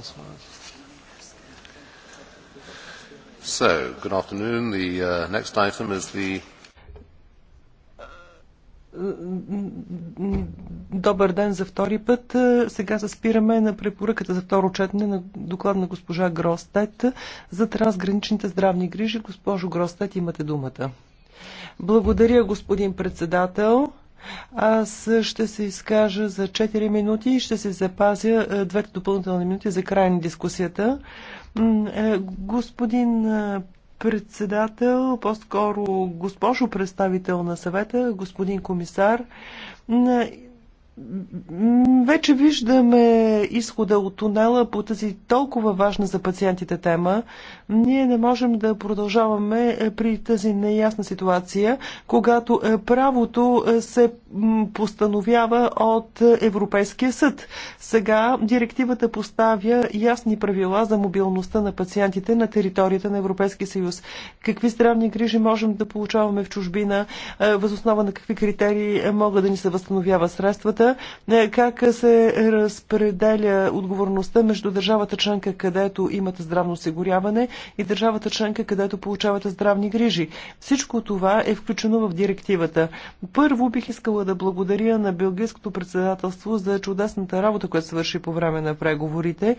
this one. So, good afternoon. The uh, next item is the Добър ден за втори път. Сега се спираме на препоръката за второ четене на доклад на госпожа Гростет за трансграничните здравни грижи. Госпожо Гростет, имате думата. Благодаря, господин председател. Аз ще се изкажа за 4 минути и ще се запазя е, двете допълнителни минути за край на дискусията. Е, господин е, председател, по-скоро госпожо представител на съвета, господин комисар, вече виждаме изхода от тунела по тази толкова важна за пациентите тема. Ние не можем да продължаваме при тази неясна ситуация, когато е, правото е, се постановява от Европейския съд. Сега директивата поставя ясни правила за мобилността на пациентите на територията на Европейския съюз. Какви здравни грижи можем да получаваме в чужбина, е, възоснова на какви критерии могат да ни се възстановява средствата, е, как се разпределя отговорността между държавата членка, където имате здравно осигуряване и държавата членка, където получавате здравни грижи. Всичко това е включено в директивата. Първо бих искала да благодаря на Белгийското председателство за чудесната работа, която свърши по време на преговорите.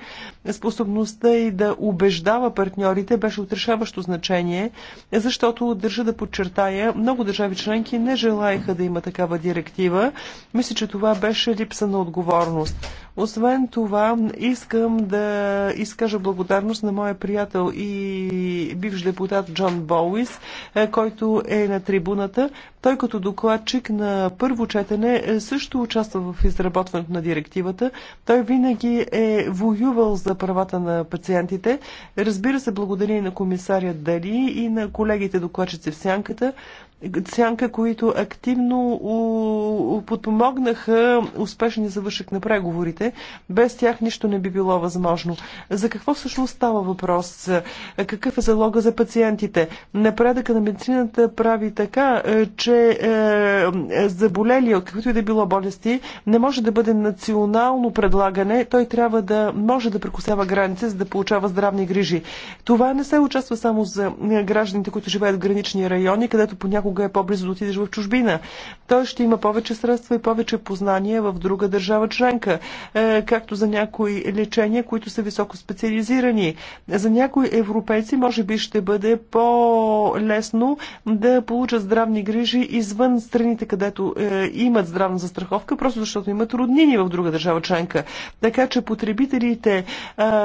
Способността и да убеждава партньорите беше отрешаващо значение, защото държа да подчертая, много държави членки не желаяха да има такава директива. Мисля, че това беше липса на отговорност. Освен това, искам да изкажа благодарност на моя приятел и бивш депутат Джон Боуис, е, който е на трибуната. Той като докладчик на първо четене е, също участва в изработването на директивата. Той винаги е воювал за правата на пациентите. Разбира се, благодаря и на комисаря Дали и на колегите докладчици в Сянката, Сянка, които активно подпомогнаха успешния завършък на преговорите. Без тях нищо не би било възможно. За какво всъщност става въпрос? Какъв е залога за пациентите? Напредъка на медицината прави така, е, че е, заболели от каквито и да било болести не може да бъде национално предлагане. Той трябва да може да прекусява граници, за да получава здравни грижи. Това не се участва само за гражданите, които живеят в гранични райони, където понякога е по-близо да отидеш в чужбина. Той ще има повече средства и повече познания в друга държава членка. Е, както за някои лечения, които са високо специализирани. За някои европейци може би ще бъде по-лесно да получат здравни грижи извън страните, където е, имат здравна застраховка, просто защото имат роднини в друга държава членка. Така че потребителите,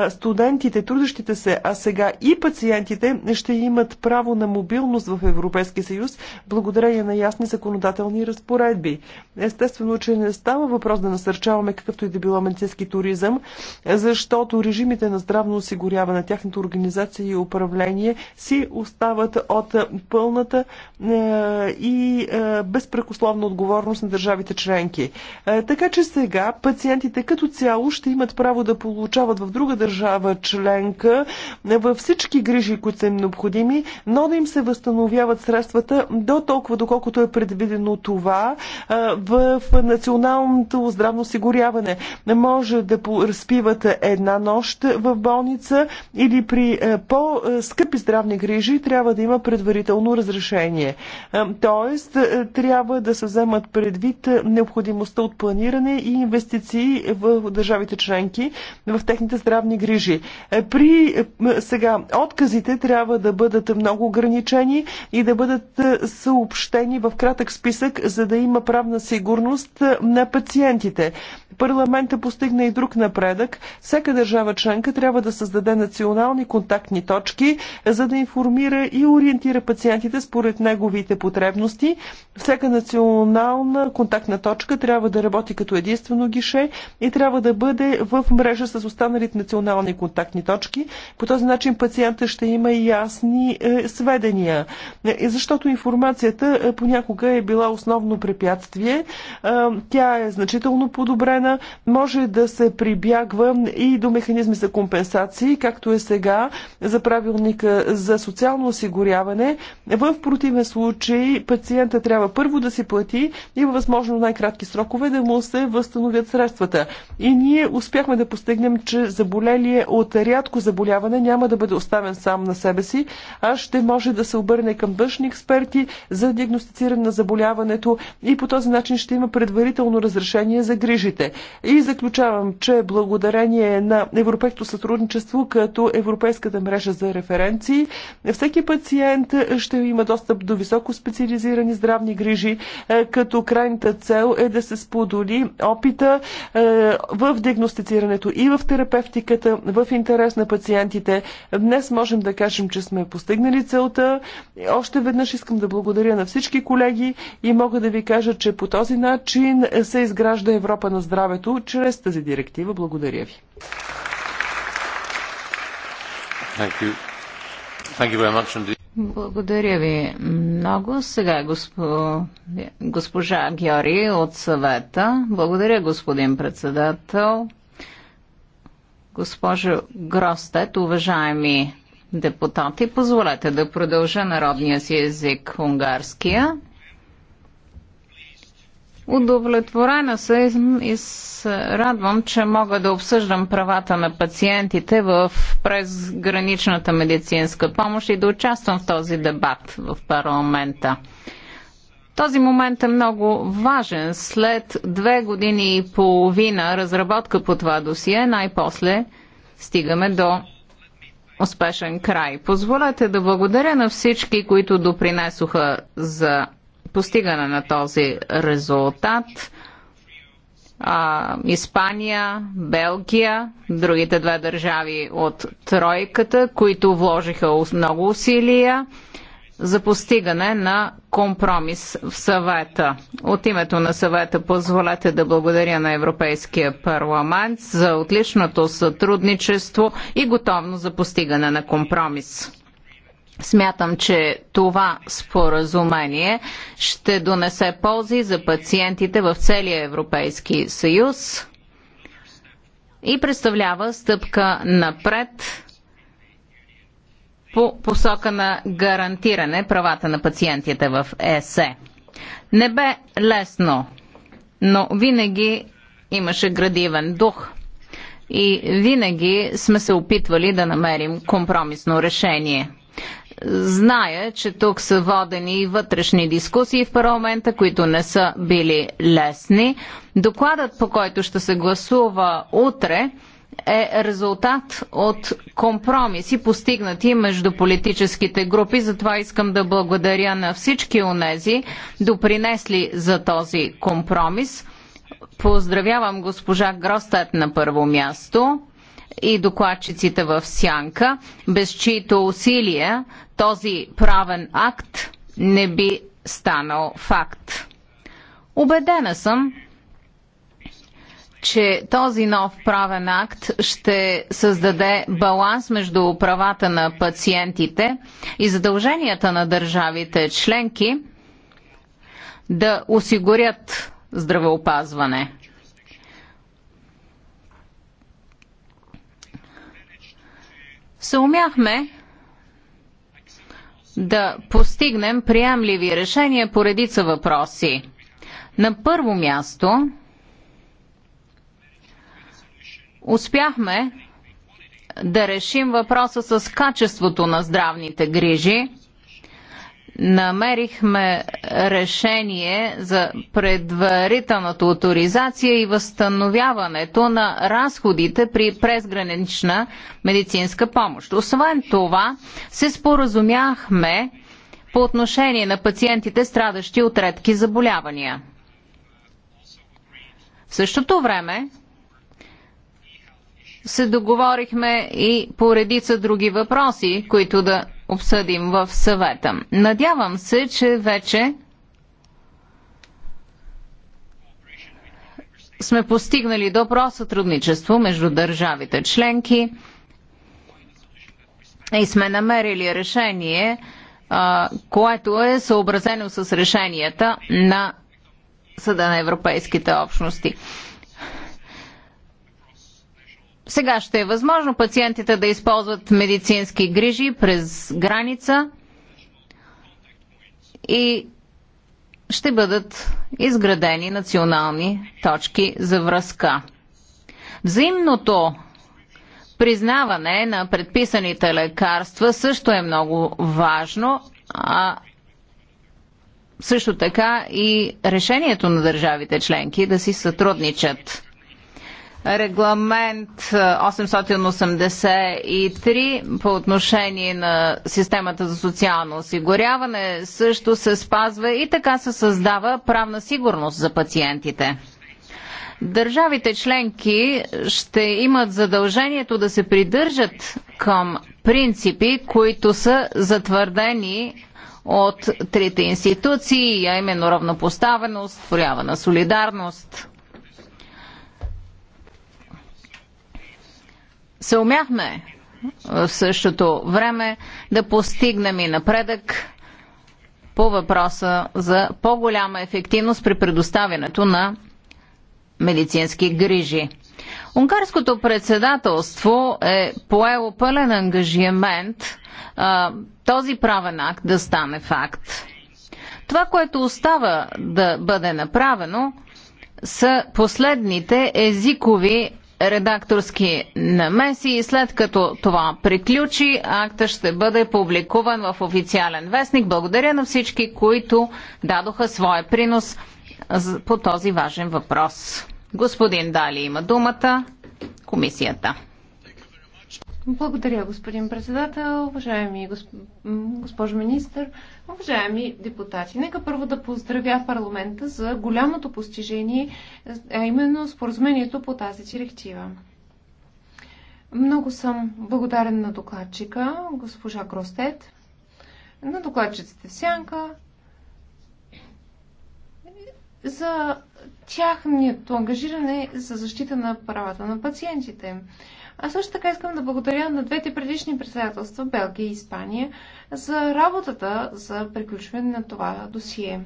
е, студентите, трудещите се, а сега и пациентите ще имат право на мобилност в Европейския съюз, благодарение на ясни законодателни разпоредби. Естествено, че не става въпрос да насърчаваме какъвто и да било медицински туризъм, защото режимите на здравно осигуряване, тяхната организация и управление си остават от пълната е, и е, безпрекословна отговорност на държавите членки. Е, така че сега пациентите като цяло ще имат право да получават в друга държава членка във всички грижи, които са им необходими, но да им се възстановяват средствата до толкова, доколкото е предвидено това в националното здравно осигуряване може да разпивате една нощ в болница или при е, по-скъпи здравни грижи трябва да има предварително разрешение. Е, тоест, е, трябва да се вземат предвид необходимостта от планиране и инвестиции в държавите членки в техните здравни грижи. При сега отказите трябва да бъдат много ограничени и да бъдат съобщени в кратък списък, за да има правна сигурност на пациентите. Парламента постигна и друг напредък. Всяка държава членка трябва да създаде национални контактни точки, за да информира и ориентира пациентите според неговите потребности. Всяка национална контактна точка трябва да работи като единствено гише и трябва да бъде в мрежа с останалите национални контактни точки. По този начин пациента ще има и ясни е, сведения. Е, защото информацията е, понякога е била основно препятствие. Е, тя е значително подобрена година може да се прибягва и до механизми за компенсации, както е сега за правилника за социално осигуряване. В противен случай пациента трябва първо да си плати и във възможно най-кратки срокове да му се възстановят средствата. И ние успяхме да постигнем, че заболелие от рядко заболяване няма да бъде оставен сам на себе си, а ще може да се обърне към външни експерти за диагностициране на заболяването и по този начин ще има предварително разрешение за грижите. И заключавам, че благодарение на европейското сътрудничество като Европейската мрежа за референции, всеки пациент ще има достъп до високо специализирани здравни грижи, е, като крайната цел е да се сподоли опита е, в диагностицирането и в терапевтиката в интерес на пациентите. Днес можем да кажем, че сме постигнали целта. Още веднъж искам да благодаря на всички колеги и мога да ви кажа, че по този начин се изгражда Европа на здраве здравето чрез тази директива. Благодаря ви. Thank you. Thank you very much Благодаря ви много. Сега е госпо... госпожа Георги от съвета. Благодаря, господин председател. Госпожо Гростет, уважаеми депутати, позволете да продължа народния си език унгарския. Удовлетворена съм и радвам, че мога да обсъждам правата на пациентите в през граничната медицинска помощ и да участвам в този дебат в парламента. Този момент е много важен. След две години и половина разработка по това досие, най-после стигаме до успешен край. Позволете да благодаря на всички, които допринесоха за постигане на този резултат. А, Испания, Белгия, другите две държави от тройката, които вложиха много усилия за постигане на компромис в съвета. От името на съвета позволете да благодаря на Европейския парламент за отличното сътрудничество и готовно за постигане на компромис. Смятам, че това споразумение ще донесе ползи за пациентите в целия Европейски съюз и представлява стъпка напред по посока на гарантиране правата на пациентите в ЕСЕ. Не бе лесно, но винаги имаше градивен дух и винаги сме се опитвали да намерим компромисно решение – Зная, че тук са водени и вътрешни дискусии в парламента, които не са били лесни. Докладът, по който ще се гласува утре, е резултат от компромиси, постигнати между политическите групи. Затова искам да благодаря на всички онези, допринесли за този компромис. Поздравявам госпожа Гростет на първо място и докладчиците в Сянка, без чието усилия този правен акт не би станал факт. Убедена съм, че този нов правен акт ще създаде баланс между правата на пациентите и задълженията на държавите членки да осигурят здравеопазване. съумяхме да постигнем приемливи решения по редица въпроси. На първо място успяхме да решим въпроса с качеството на здравните грижи намерихме решение за предварителната авторизация и възстановяването на разходите при презгранична медицинска помощ. Освен това, се споразумяхме по отношение на пациентите, страдащи от редки заболявания. В същото време се договорихме и по редица други въпроси, които да обсъдим в съвета. Надявам се, че вече сме постигнали добро сътрудничество между държавите членки и сме намерили решение, което е съобразено с решенията на Съда на Европейските общности. Сега ще е възможно пациентите да използват медицински грижи през граница и ще бъдат изградени национални точки за връзка. Взаимното признаване на предписаните лекарства също е много важно, а също така и решението на държавите членки да си сътрудничат регламент 883 по отношение на системата за социално осигуряване също се спазва и така се създава правна сигурност за пациентите. Държавите членки ще имат задължението да се придържат към принципи, които са затвърдени от трите институции, а именно равнопоставеност, проява на солидарност. съумяхме в същото време да постигнем и напредък по въпроса за по-голяма ефективност при предоставянето на медицински грижи. Унгарското председателство е поело пълен ангажимент а, този правен акт да стане факт. Това, което остава да бъде направено, са последните езикови редакторски намеси и след като това приключи, акта ще бъде публикуван в официален вестник. Благодаря на всички, които дадоха своя принос по този важен въпрос. Господин Дали има думата. Комисията. Благодаря, господин председател, уважаеми госпожо министр, уважаеми депутати. Нека първо да поздравя парламента за голямото постижение, а именно споразумението по тази директива. Много съм благодарен на докладчика, госпожа Гростет, на докладчиците Сянка, за тяхното ангажиране за защита на правата на пациентите. А също така искам да благодаря на двете предишни председателства, Белгия и Испания, за работата за приключване на това досие.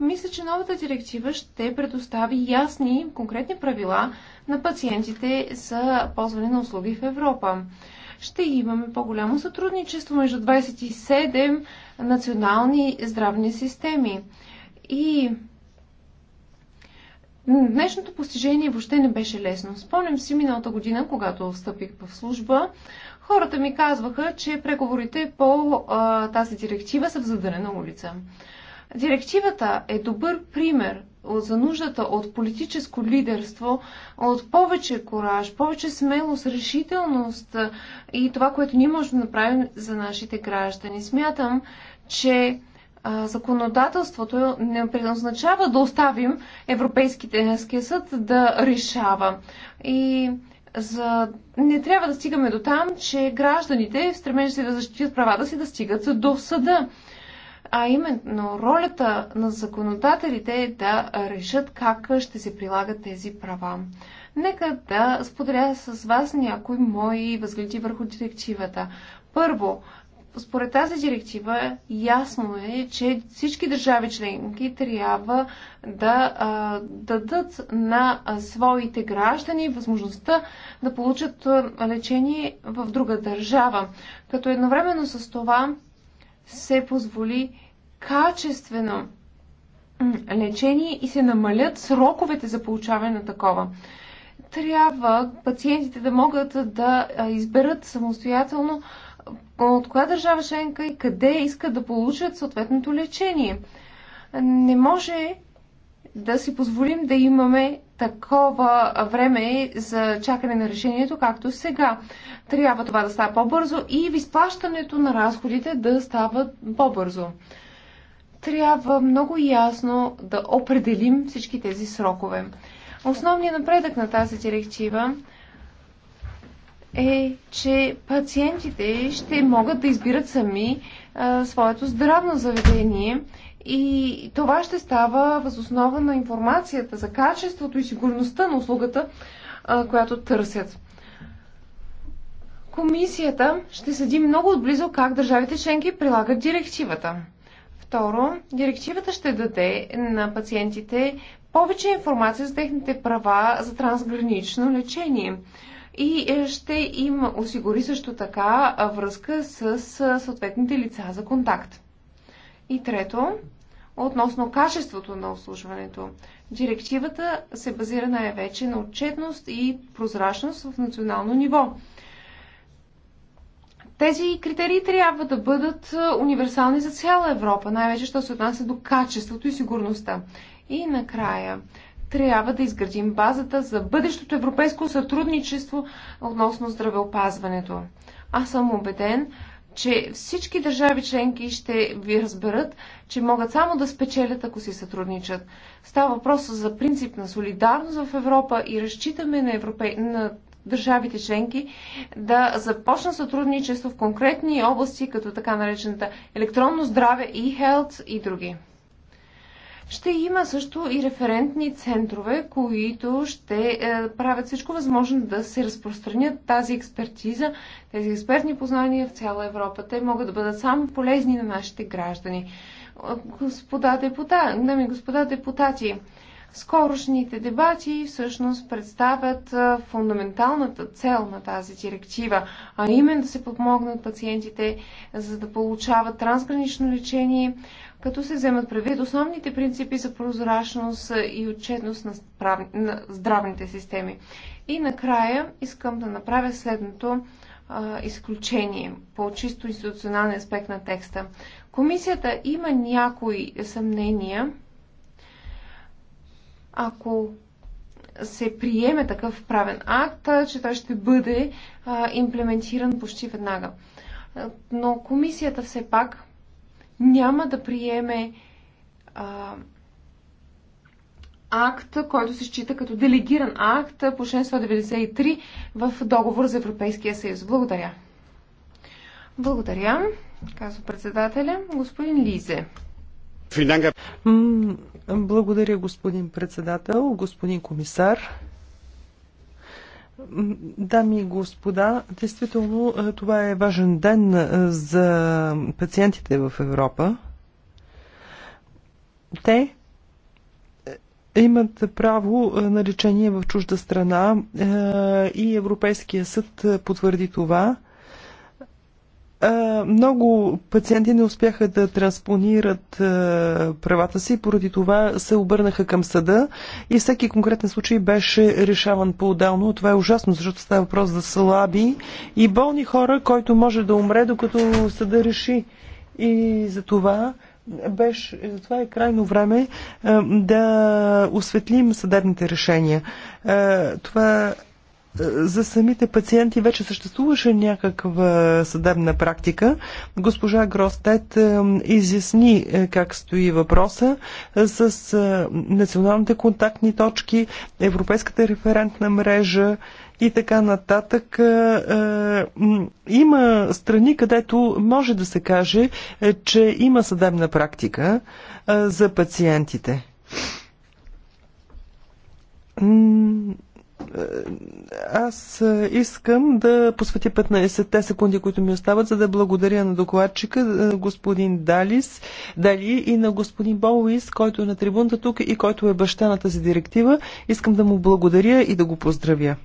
Мисля, че новата директива ще предостави ясни, конкретни правила на пациентите за ползване на услуги в Европа. Ще имаме по-голямо сътрудничество между 27 национални здравни системи. И Днешното постижение въобще не беше лесно. Спомням си миналата година, когато встъпих в служба, хората ми казваха, че преговорите по а, тази директива са в задънена улица. Директивата е добър пример за нуждата от политическо лидерство, от повече кораж, повече смелост, решителност и това, което ние можем да направим за нашите граждани. Смятам, че законодателството не предназначава да оставим Европейския съд да решава. И за... не трябва да стигаме до там, че гражданите в стремежа си да защитят правата си да стигат до съда. А именно ролята на законодателите е да решат как ще се прилагат тези права. Нека да споделя с вас някои мои възгледи върху директивата. Първо, според тази директива ясно е, че всички държави членки трябва да а, дадат на а, своите граждани възможността да получат а, лечение в друга държава. Като едновременно с това се позволи качествено лечение и се намалят сроковете за получаване на такова трябва пациентите да могат да изберат самостоятелно от коя държава шенка и къде искат да получат съответното лечение. Не може да си позволим да имаме такова време за чакане на решението, както сега. Трябва това да става по-бързо и изплащането на разходите да става по-бързо. Трябва много ясно да определим всички тези срокове. Основният напредък на тази директива е, че пациентите ще могат да избират сами а, своето здравно заведение и това ще става възоснова на информацията за качеството и сигурността на услугата, а, която търсят. Комисията ще следи много отблизо как държавите членки прилагат директивата. Второ, директивата ще даде на пациентите повече информация за техните права за трансгранично лечение и е, ще им осигури също така връзка с съответните лица за контакт. И трето, относно качеството на обслужването. Директивата се базира най-вече на отчетност и прозрачност в национално ниво. Тези критерии трябва да бъдат универсални за цяла Европа, най-вече що се отнася до качеството и сигурността. И накрая, трябва да изградим базата за бъдещото европейско сътрудничество относно здравеопазването. Аз съм убеден, че всички държави членки ще ви разберат, че могат само да спечелят, ако си сътрудничат. Става въпрос за принцип на солидарност в Европа и разчитаме на, европе... на държавите членки да започнат сътрудничество в конкретни области, като така наречената електронно здраве и e-health и други. Ще има също и референтни центрове, които ще е, правят всичко възможно да се разпространят тази експертиза, тези експертни познания в цяла Европа. Те могат да бъдат само полезни на нашите граждани. Е, господа депутати, дами господа депутати, скорошните дебати всъщност представят е, фундаменталната цел на тази директива, а именно да се подмогнат пациентите за да получават трансгранично лечение като се вземат предвид основните принципи за прозрачност и отчетност на, справ... на здравните системи. И накрая искам да направя следното а, изключение по чисто институционалния аспект на текста. Комисията има някои съмнения, ако се приеме такъв правен акт, че той ще бъде а, имплементиран почти веднага. Но комисията все пак няма да приеме а, акт, който се счита като делегиран акт по член 193 в договор за Европейския съюз. Благодаря. Благодаря, казва председателя. Господин Лизе. Благодаря, господин председател, господин комисар. Дами и господа, действително е, това е важен ден е, за пациентите в Европа. Те е, имат право на лечение в чужда страна и Европейския съд потвърди това. Много пациенти не успяха да транспонират правата си, поради това се обърнаха към съда и всеки конкретен случай беше решаван по-отделно. Това е ужасно, защото става въпрос за слаби и болни хора, който може да умре, докато съда реши. И за това беше, затова е крайно време да осветлим съдебните решения. Това за самите пациенти вече съществуваше някаква съдебна практика. Госпожа Гростет е, изясни е, как стои въпроса е, с националните контактни точки, Европейската референтна мрежа и така нататък. Има страни, където може да се каже, че има съдебна практика за пациентите е, аз е, искам да посветя 15-те секунди, които ми остават, за да благодаря на докладчика, е, господин Далис, Дали и на господин Боуис, който е на трибунта тук и който е баща на тази директива. Искам да му благодаря и да го поздравя.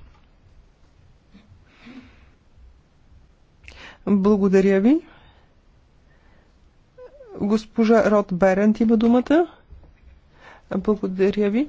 Благодаря ви. Госпожа Рот Берент има думата. Благодаря ви.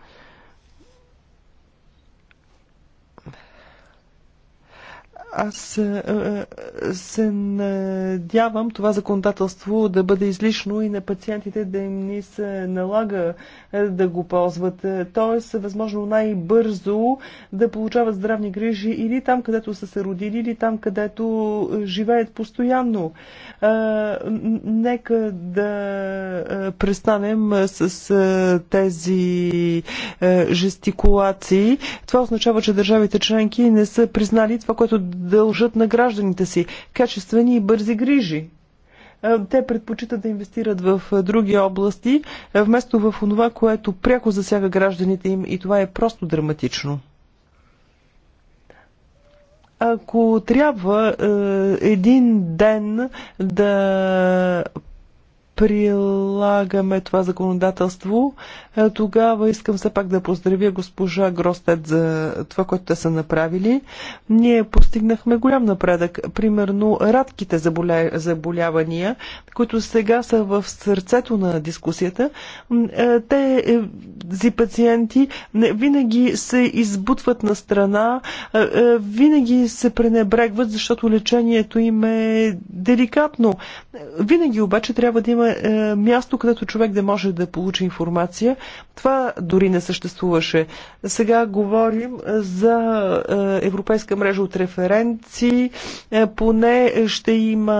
Аз е, е, се надявам това законодателство да бъде излишно и на пациентите да им ни се налага е, да го ползват. Тоест, възможно най-бързо да получават здравни грижи или там, където са се родили, или там, където живеят постоянно. Нека да престанем с тези жестикулации. Това означава, че държавите членки не са признали това, което дължат на гражданите си качествени и бързи грижи. Те предпочитат да инвестират в други области, вместо в това, което пряко засяга гражданите им и това е просто драматично ако трябва е, един ден да прилагаме това законодателство, е, тогава искам все пак да поздравя госпожа Гростет за това, което те са направили. Ние постигнахме голям напредък. Примерно, радките заболя... заболявания, които сега са в сърцето на дискусията, е, тези е, пациенти винаги се избутват на страна, винаги се пренебрегват, защото лечението им е деликатно. Винаги обаче трябва да има има е, място, където човек да може да получи информация. Това дори не съществуваше. Сега говорим за е, Европейска мрежа от референции. Е, поне ще има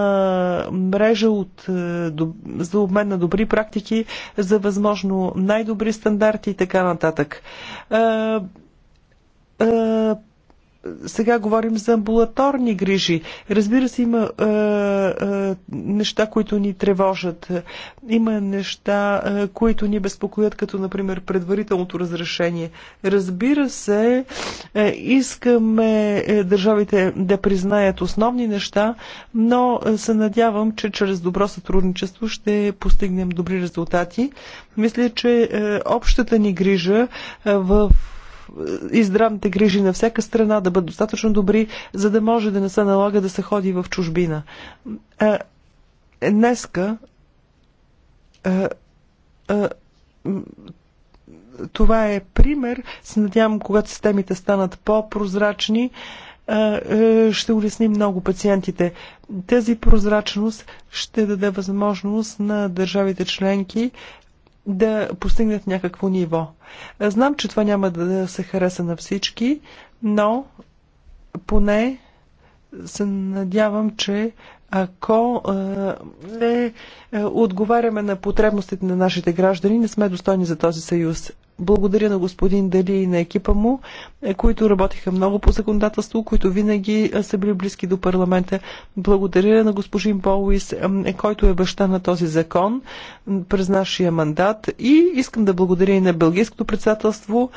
мрежа от, е, до, за обмен на добри практики, за възможно най-добри стандарти и така нататък. Е, е, сега говорим за амбулаторни грижи. Разбира се, има е, е, неща, които ни тревожат. Има неща, е, които ни безпокоят, като, например, предварителното разрешение. Разбира се, е, искаме е, държавите да признаят основни неща, но е, се надявам, че чрез добро сътрудничество ще постигнем добри резултати. Мисля, че е, общата ни грижа е, в и здравните грижи на всяка страна да бъдат достатъчно добри, за да може да не се налага да се ходи в чужбина. А, е, днеска а, а, това е пример. Се надявам, когато системите станат по-прозрачни, е, ще улесни много пациентите. Тази прозрачност ще даде възможност на държавите членки да постигнат някакво ниво. Знам, че това няма да се хареса на всички, но поне се надявам, че ако не отговаряме на потребностите на нашите граждани, не сме достойни за този съюз. Благодаря на господин Дали и на екипа му, е, които работиха много по законодателство, които винаги е, са били близки до парламента. Благодаря на господин Болуис, е, който е баща на този закон през нашия мандат. И искам да благодаря и на Белгийското председателство,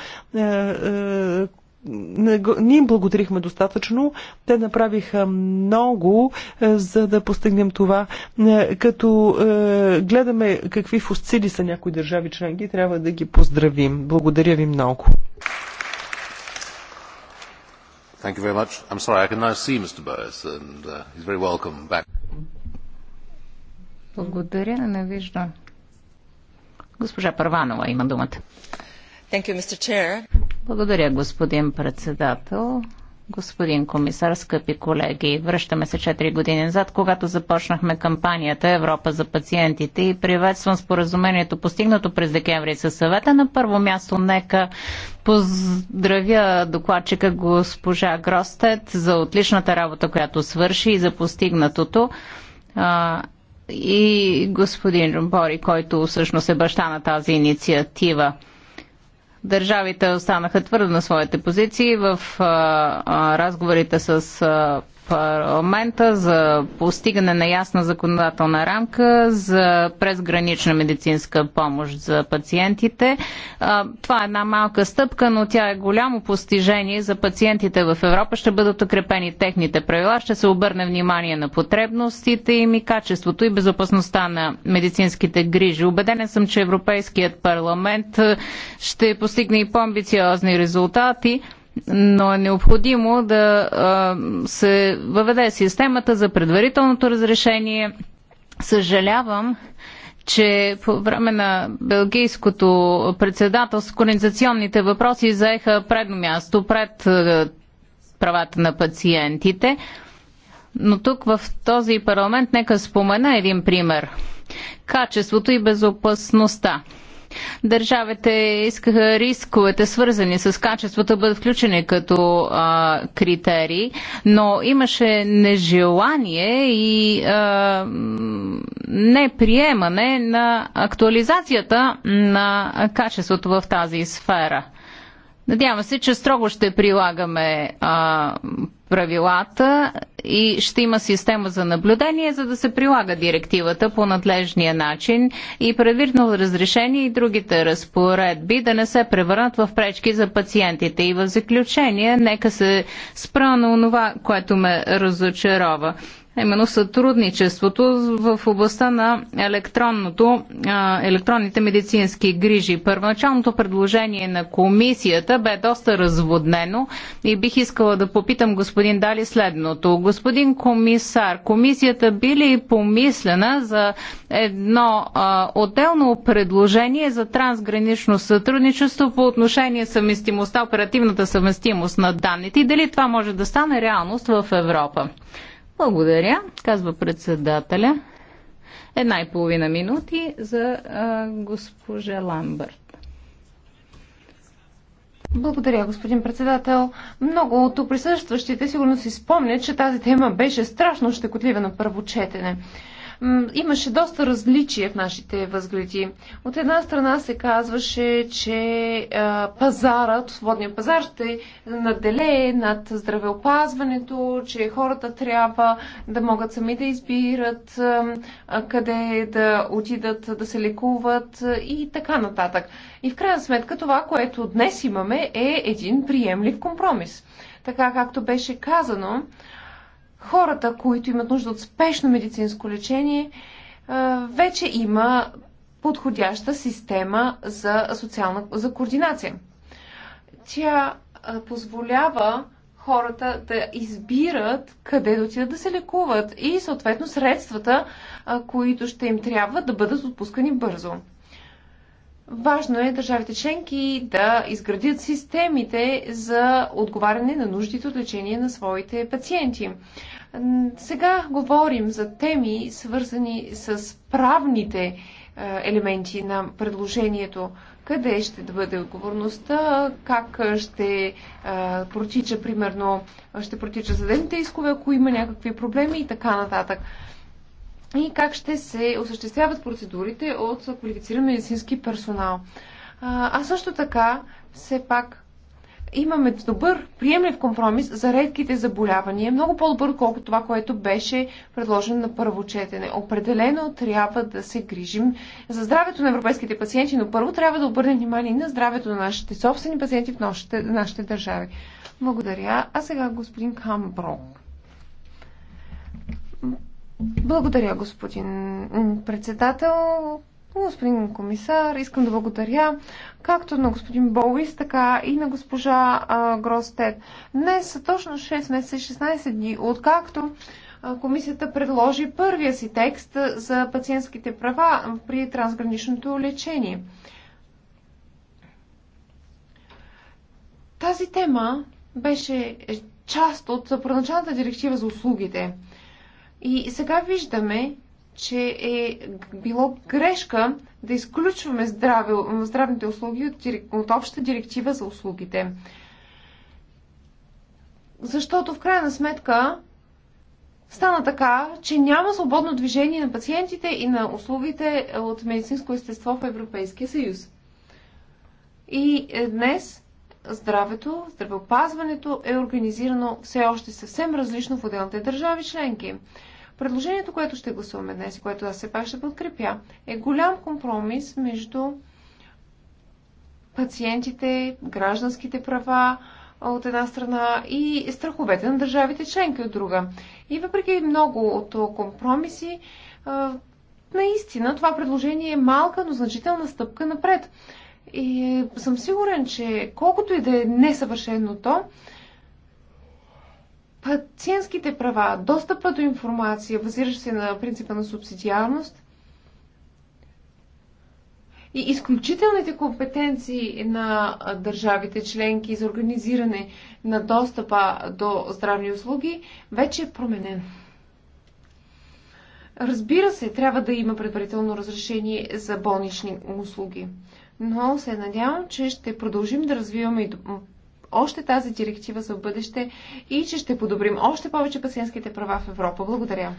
ние им благодарихме достатъчно. Те направиха много, е, за да постигнем това. Е, като е, гледаме какви фусцили са някои държави членки, трябва да ги поздравим. Благодаря ви много. Thank you very much. I'm sorry, I can now see Mr. Burris, and uh, he's very welcome back. Благодаря, не виждам. Госпожа Първанова има думата. Thank you, Mr. Chair. Благодаря, господин председател. Господин комисар, скъпи колеги, връщаме се 4 години назад, когато започнахме кампанията Европа за пациентите и приветствам споразумението, постигнато през декември със съвета. На първо място нека поздравя докладчика госпожа Гростет за отличната работа, която свърши и за постигнатото и господин Бори, който всъщност е баща на тази инициатива. Държавите останаха твърдо на своите позиции в а, а, разговорите с а, парламента за постигане на ясна законодателна рамка за презгранична медицинска помощ за пациентите. Това е една малка стъпка, но тя е голямо постижение за пациентите в Европа. Ще бъдат укрепени техните правила, ще се обърне внимание на потребностите им и качеството и безопасността на медицинските грижи. Обеден съм, че Европейският парламент ще постигне и по-амбициозни резултати но е необходимо да а, се въведе системата за предварителното разрешение. Съжалявам, че по време на белгийското председателство организационните въпроси заеха предно място пред правата на пациентите. Но тук в този парламент нека спомена един пример. Качеството и безопасността. Държавите искаха рисковете, свързани с качеството, да бъдат включени като а, критерии, но имаше нежелание и а, неприемане на актуализацията на качеството в тази сфера. Надявам се, че строго ще прилагаме а, правилата и ще има система за наблюдение, за да се прилага директивата по надлежния начин и предвидно разрешение и другите разпоредби да не се превърнат в пречки за пациентите. И в заключение, нека се спра на това, което ме разочарова именно сътрудничеството в областта на електронното, електронните медицински грижи. Първоначалното предложение на комисията бе доста разводнено и бих искала да попитам господин Дали следното. Господин комисар, комисията би ли помислена за едно а, отделно предложение за трансгранично сътрудничество по отношение съвместимостта, оперативната съвместимост на данните и дали това може да стане реалност в Европа? Благодаря, казва председателя. Една и половина минути за а, госпожа Ламбърт. Благодаря, господин председател. Много от присъстващите сигурно си спомнят, че тази тема беше страшно щекотлива на първо четене имаше доста различия в нашите възгледи. От една страна се казваше, че пазарът, свободния пазар ще наделее над здравеопазването, че хората трябва да могат сами да избират къде да отидат да се лекуват и така нататък. И в крайна сметка това, което днес имаме е един приемлив компромис. Така както беше казано, хората, които имат нужда от спешно медицинско лечение, е, вече има подходяща система за, социална, за координация. Тя е, позволява хората да избират къде да отидат да се лекуват и съответно средствата, е, които ще им трябва да бъдат отпускани бързо. Важно е държавите членки да изградят системите за отговаряне на нуждите от лечение на своите пациенти. Сега говорим за теми, свързани с правните е, елементи на предложението. Къде ще бъде отговорността, как ще е, протича, примерно, ще протича съдебните искове, ако има някакви проблеми и така нататък и как ще се осъществяват процедурите от квалифициран медицински персонал. А също така, все пак, имаме добър, приемлив компромис за редките заболявания. Много по-добър, колкото това, което беше предложено на първо четене. Определено трябва да се грижим за здравето на европейските пациенти, но първо трябва да обърнем внимание и на здравето на нашите собствени пациенти в нашите, нашите държави. Благодаря. А сега господин Камброк. Благодаря, господин председател. Господин комисар, искам да благодаря както на господин Болис, така и на госпожа а, Гростет. Днес са точно 6 месеца, 16 дни, откакто комисията предложи първия си текст за пациентските права при трансграничното лечение. Тази тема беше част от първоначалната директива за услугите – и сега виждаме, че е било грешка да изключваме здраве, здравните услуги от, от общата директива за услугите. Защото в крайна сметка стана така, че няма свободно движение на пациентите и на услугите от медицинско естество в Европейския съюз. И е, днес здравето, здравеопазването е организирано все още съвсем различно в отделните държави членки. Предложението, което ще гласуваме днес и което аз все пак ще подкрепя, е голям компромис между пациентите, гражданските права от една страна и страховете на държавите членки от друга. И въпреки много от компромиси, наистина това предложение е малка, но значителна стъпка напред. И съм сигурен, че колкото и да е несъвършено то, пациентските права, достъпа до информация, базиращ се на принципа на субсидиарност и изключителните компетенции на държавите членки за организиране на достъпа до здравни услуги, вече е променен. Разбира се, трябва да има предварително разрешение за болнични услуги. Но се надявам, че ще продължим да развиваме и още тази директива за бъдеще и че ще подобрим още повече пациентските права в Европа. Благодаря.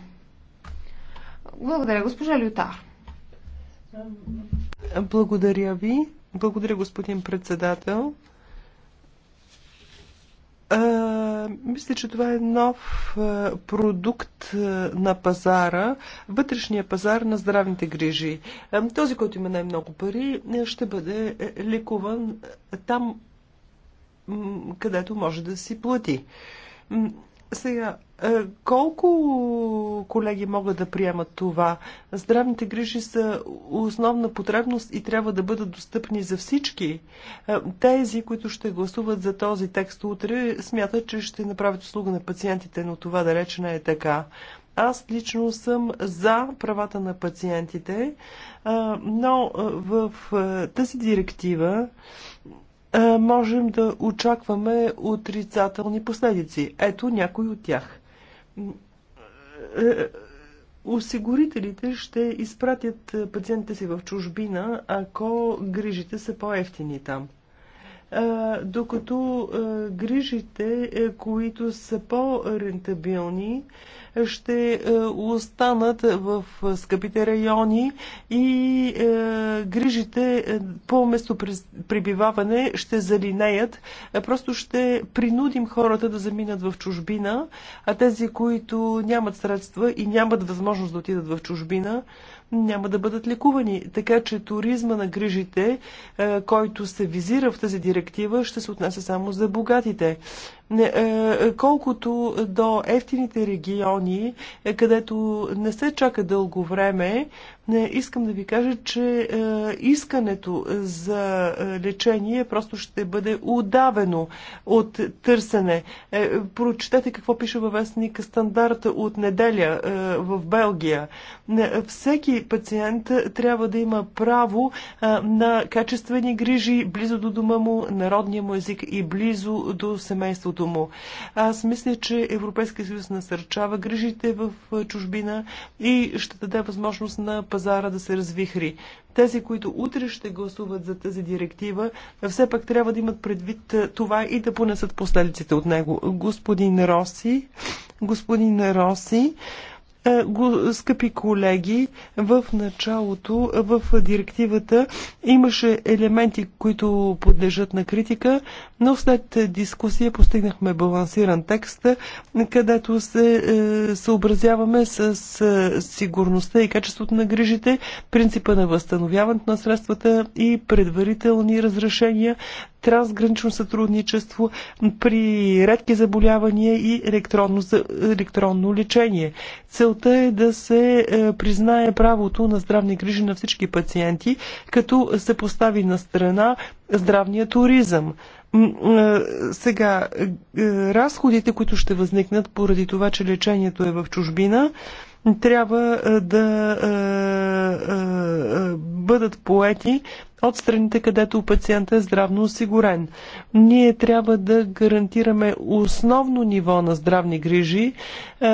Благодаря, госпожа Лютар. Благодаря ви. Благодаря, господин председател. А, мисля, че това е нов продукт на пазара, вътрешния пазар на здравните грижи. Този, който има най-много пари, ще бъде е, лекуван там, където може да си плати. Сега, е, колко колеги могат да приемат това? Здравните грижи са основна потребност и трябва да бъдат достъпни за всички. Е, тези, които ще гласуват за този текст утре, смятат, че ще направят услуга на пациентите, но това далеч не е така. Аз лично съм за правата на пациентите, е, но в тази директива е, можем да очакваме отрицателни последици. Ето някой от тях. Е, е, осигурителите ще изпратят пациентите си в чужбина, ако грижите са по-ефтини там докато грижите, е, които са по-рентабилни, ще е, останат в скъпите райони и е, грижите по местопребиваване ще залинеят. Просто ще принудим хората да заминат в чужбина, а тези, които нямат средства и нямат възможност да отидат в чужбина, няма да бъдат лекувани. Така че туризма на грижите, е, който се визира в тази директива, ще се отнася само за богатите. Е, е, колкото до ефтините региони, е, където не се чака дълго време, искам да ви кажа, че искането за лечение просто ще бъде удавено от търсене. Прочетете какво пише във вестника Стандарт от неделя в Белгия. Всеки пациент трябва да има право на качествени грижи близо до дома му, народния му език и близо до семейството семейството му. Аз мисля, че Европейския съюз насърчава грижите в чужбина и ще даде възможност на пазара да се развихри. Тези, които утре ще гласуват за тази директива, все пак трябва да имат предвид това и да понесат последиците от него. Господин Роси, господин Роси, е, скъпи колеги, в началото в директивата имаше елементи, които подлежат на критика, но след дискусия постигнахме балансиран текст, където се е, съобразяваме с е, сигурността и качеството на грижите, принципа на възстановяването на средствата и предварителни разрешения, трансгранично сътрудничество при редки заболявания и електронно, електронно лечение. Целта е да се е, признае правото на здравни грижи на всички пациенти, като се постави на страна здравния туризъм. Е, сега, е, разходите, които ще възникнат поради това, че лечението е в чужбина, трябва да бъдат поети от страните, където пациентът е здравно осигурен. Ние трябва да гарантираме основно ниво на здравни грижи. Е,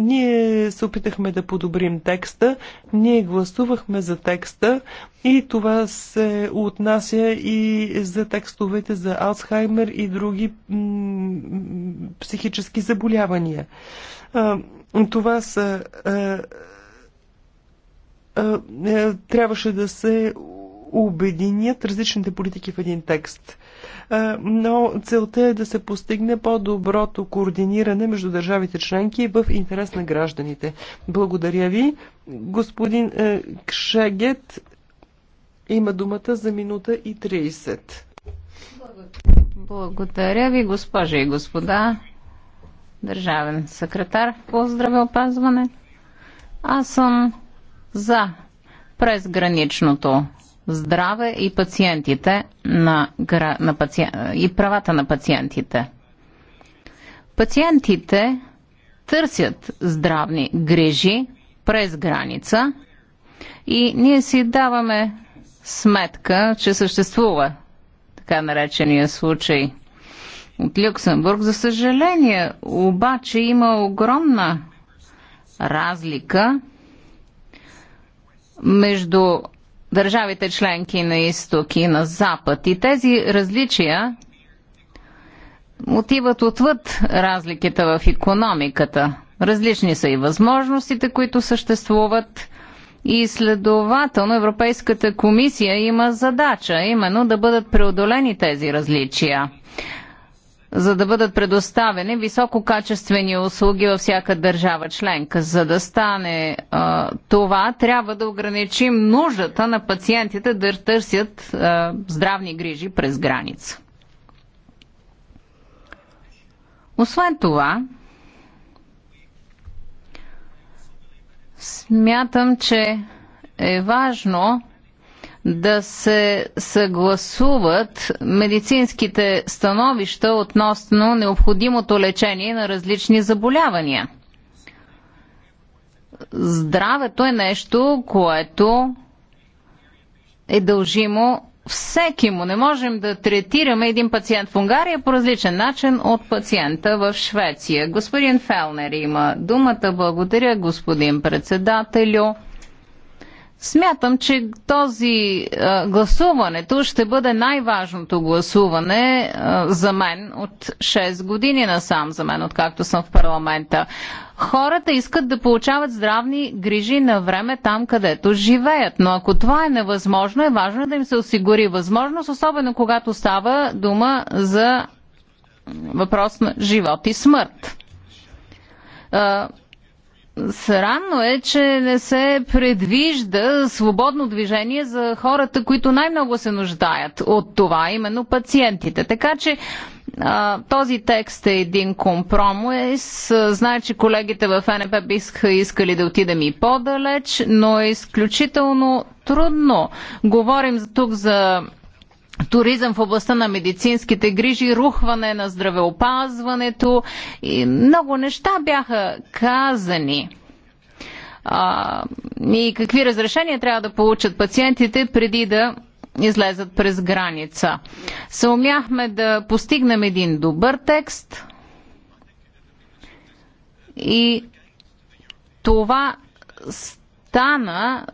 ние се опитахме да подобрим текста, ние гласувахме за текста и това се отнася и за текстовете за Алцхаймер и други психически заболявания. Е, това са. Е, е, е трябваше да се обединят различните политики в един текст. Но целта е да се постигне по-доброто координиране между държавите членки в интерес на гражданите. Благодаря ви. Господин е, Кшегет има думата за минута и 30. Благодаря ви, госпожи и господа. Държавен секретар по здравеопазване. Аз съм за презграничното здраве и пациентите на, на паци... и правата на пациентите. Пациентите търсят здравни грижи през граница и ние си даваме сметка, че съществува така наречения случай от Люксембург. За съжаление, обаче има огромна разлика между държавите членки на изток и на запад. И тези различия отиват отвъд разликите в економиката. Различни са и възможностите, които съществуват. И следователно Европейската комисия има задача именно да бъдат преодолени тези различия за да бъдат предоставени висококачествени услуги във всяка държава членка. За да стане а, това, трябва да ограничим нуждата на пациентите да търсят а, здравни грижи през граница. Освен това, смятам, че е важно да се съгласуват медицинските становища относно необходимото лечение на различни заболявания. Здравето е нещо, което е дължимо всеки му. Не можем да третираме един пациент в Унгария по различен начин от пациента в Швеция. Господин Фелнер има думата. Благодаря, господин председателю. Смятам, че този а, гласуването ще бъде най-важното гласуване а, за мен от 6 години насам, за мен, откакто съм в парламента. Хората искат да получават здравни грижи на време там, където живеят. Но ако това е невъзможно, е важно да им се осигури възможност, особено когато става дума за въпрос на живот и смърт Срамно е, че не се предвижда свободно движение за хората, които най-много се нуждаят от това, именно пациентите. Така че а, този текст е един компромис. Знае, че колегите в НП биха искали да отидем и по-далеч, но е изключително трудно. Говорим тук за туризъм в областта на медицинските грижи, рухване на здравеопазването и много неща бяха казани. А, и какви разрешения трябва да получат пациентите преди да излезат през граница. Съумяхме да постигнем един добър текст и това стана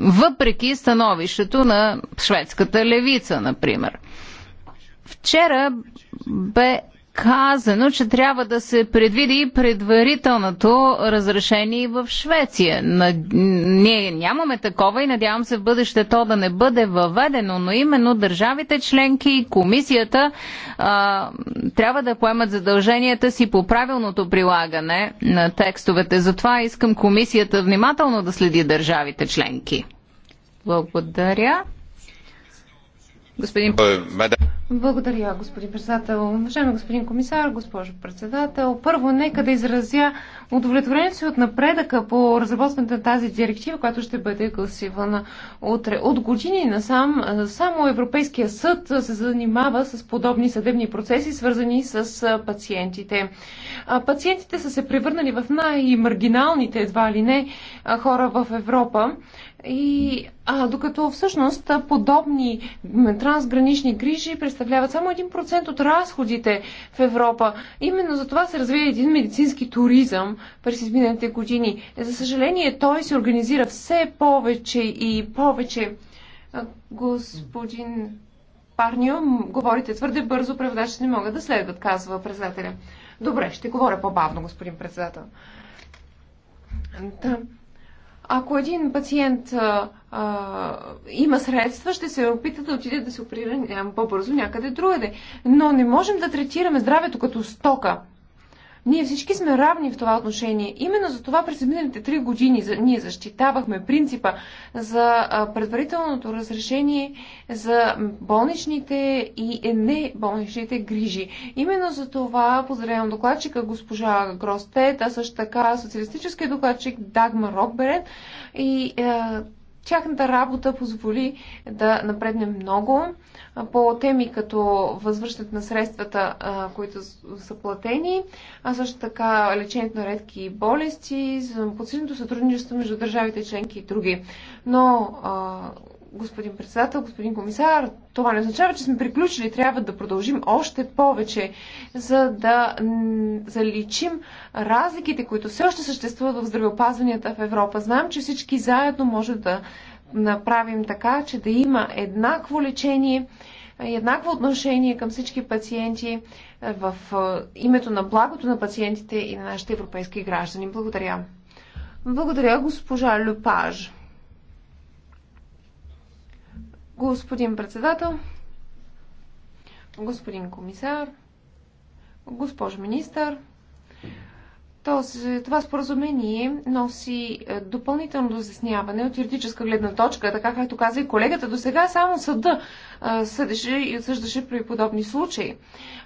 въпреки становището на шведската левица, например. Вчера бе казано, че трябва да се предвиди предварителното разрешение в Швеция. На... Ние нямаме такова и надявам се в бъдеще то да не бъде въведено, но именно държавите членки и комисията а, трябва да поемат задълженията си по правилното прилагане на текстовете. Затова искам комисията внимателно да следи държавите членки. Благодаря. Господин... Е, Благодаря, господин председател. Уважаеми господин комисар, госпожо председател, първо нека да изразя удовлетворението си от напредъка по разработването на тази директива, която ще бъде гласивана утре. От години насам е, само Европейския съд се занимава с подобни съдебни процеси, свързани с е, пациентите. Пациентите са се превърнали в най-маргиналните, едва ли не, хора в Европа. И, а, докато всъщност подобни трансгранични грижи представляват само 1% от разходите в Европа. Именно за това се развива един медицински туризъм през изминалите години. За съжаление, той се организира все повече и повече. Господин Парнио, говорите твърде бързо, преводачите не могат да следват, казва председателя. Добре, ще говоря по-бавно, господин председател. Да. Ако един пациент а, а, има средства, ще се опита да отиде да се оперира по-бързо някъде другаде. Но не можем да третираме здравето като стока. Ние всички сме равни в това отношение. Именно за това през миналите три години ние защитавахме принципа за предварителното разрешение за болничните и неболничните грижи. Именно за това поздравявам докладчика госпожа Гростет, а също така социалистическия докладчик Дагма Рокберет и Тяхната работа позволи да напредне много по теми като възвръщането на средствата, които са платени, а също така лечението на редки болести, подсиленото сътрудничество между държавите членки и други. Но господин председател, господин комисар, това не означава, че сме приключили. Трябва да продължим още повече, за да заличим разликите, които все още съществуват в здравеопазванията в Европа. Знам, че всички заедно може да направим така, че да има еднакво лечение еднакво отношение към всички пациенти е, в е, името на благото на пациентите и на нашите европейски граждани. Благодаря. Благодаря, госпожа Люпаж. Господин председател, господин комисар, госпожо министър, това споразумение носи е, допълнително разясняване от юридическа гледна точка, така както каза и колегата. До сега само съда е, съдеше и осъждаше при подобни случаи.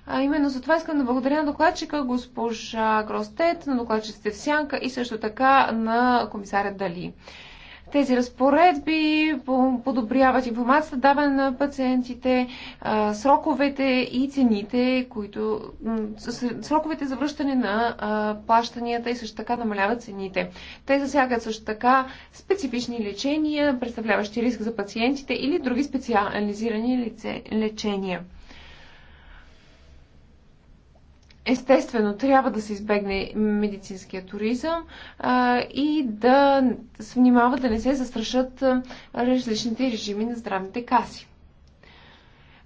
А именно за това искам да благодаря на докладчика госпожа Гростет, на докладчиците в Сянка и също така на комисаря Дали. Тези разпоредби подобряват информацията, даване на пациентите, сроковете и цените, които, сроковете за връщане на плащанията и също така намаляват цените. Те засягат също така специфични лечения, представляващи риск за пациентите или други специализирани лечения. Естествено, трябва да се избегне медицинския туризъм а, и да се внимава да не се застрашат различните режими на здравните каси.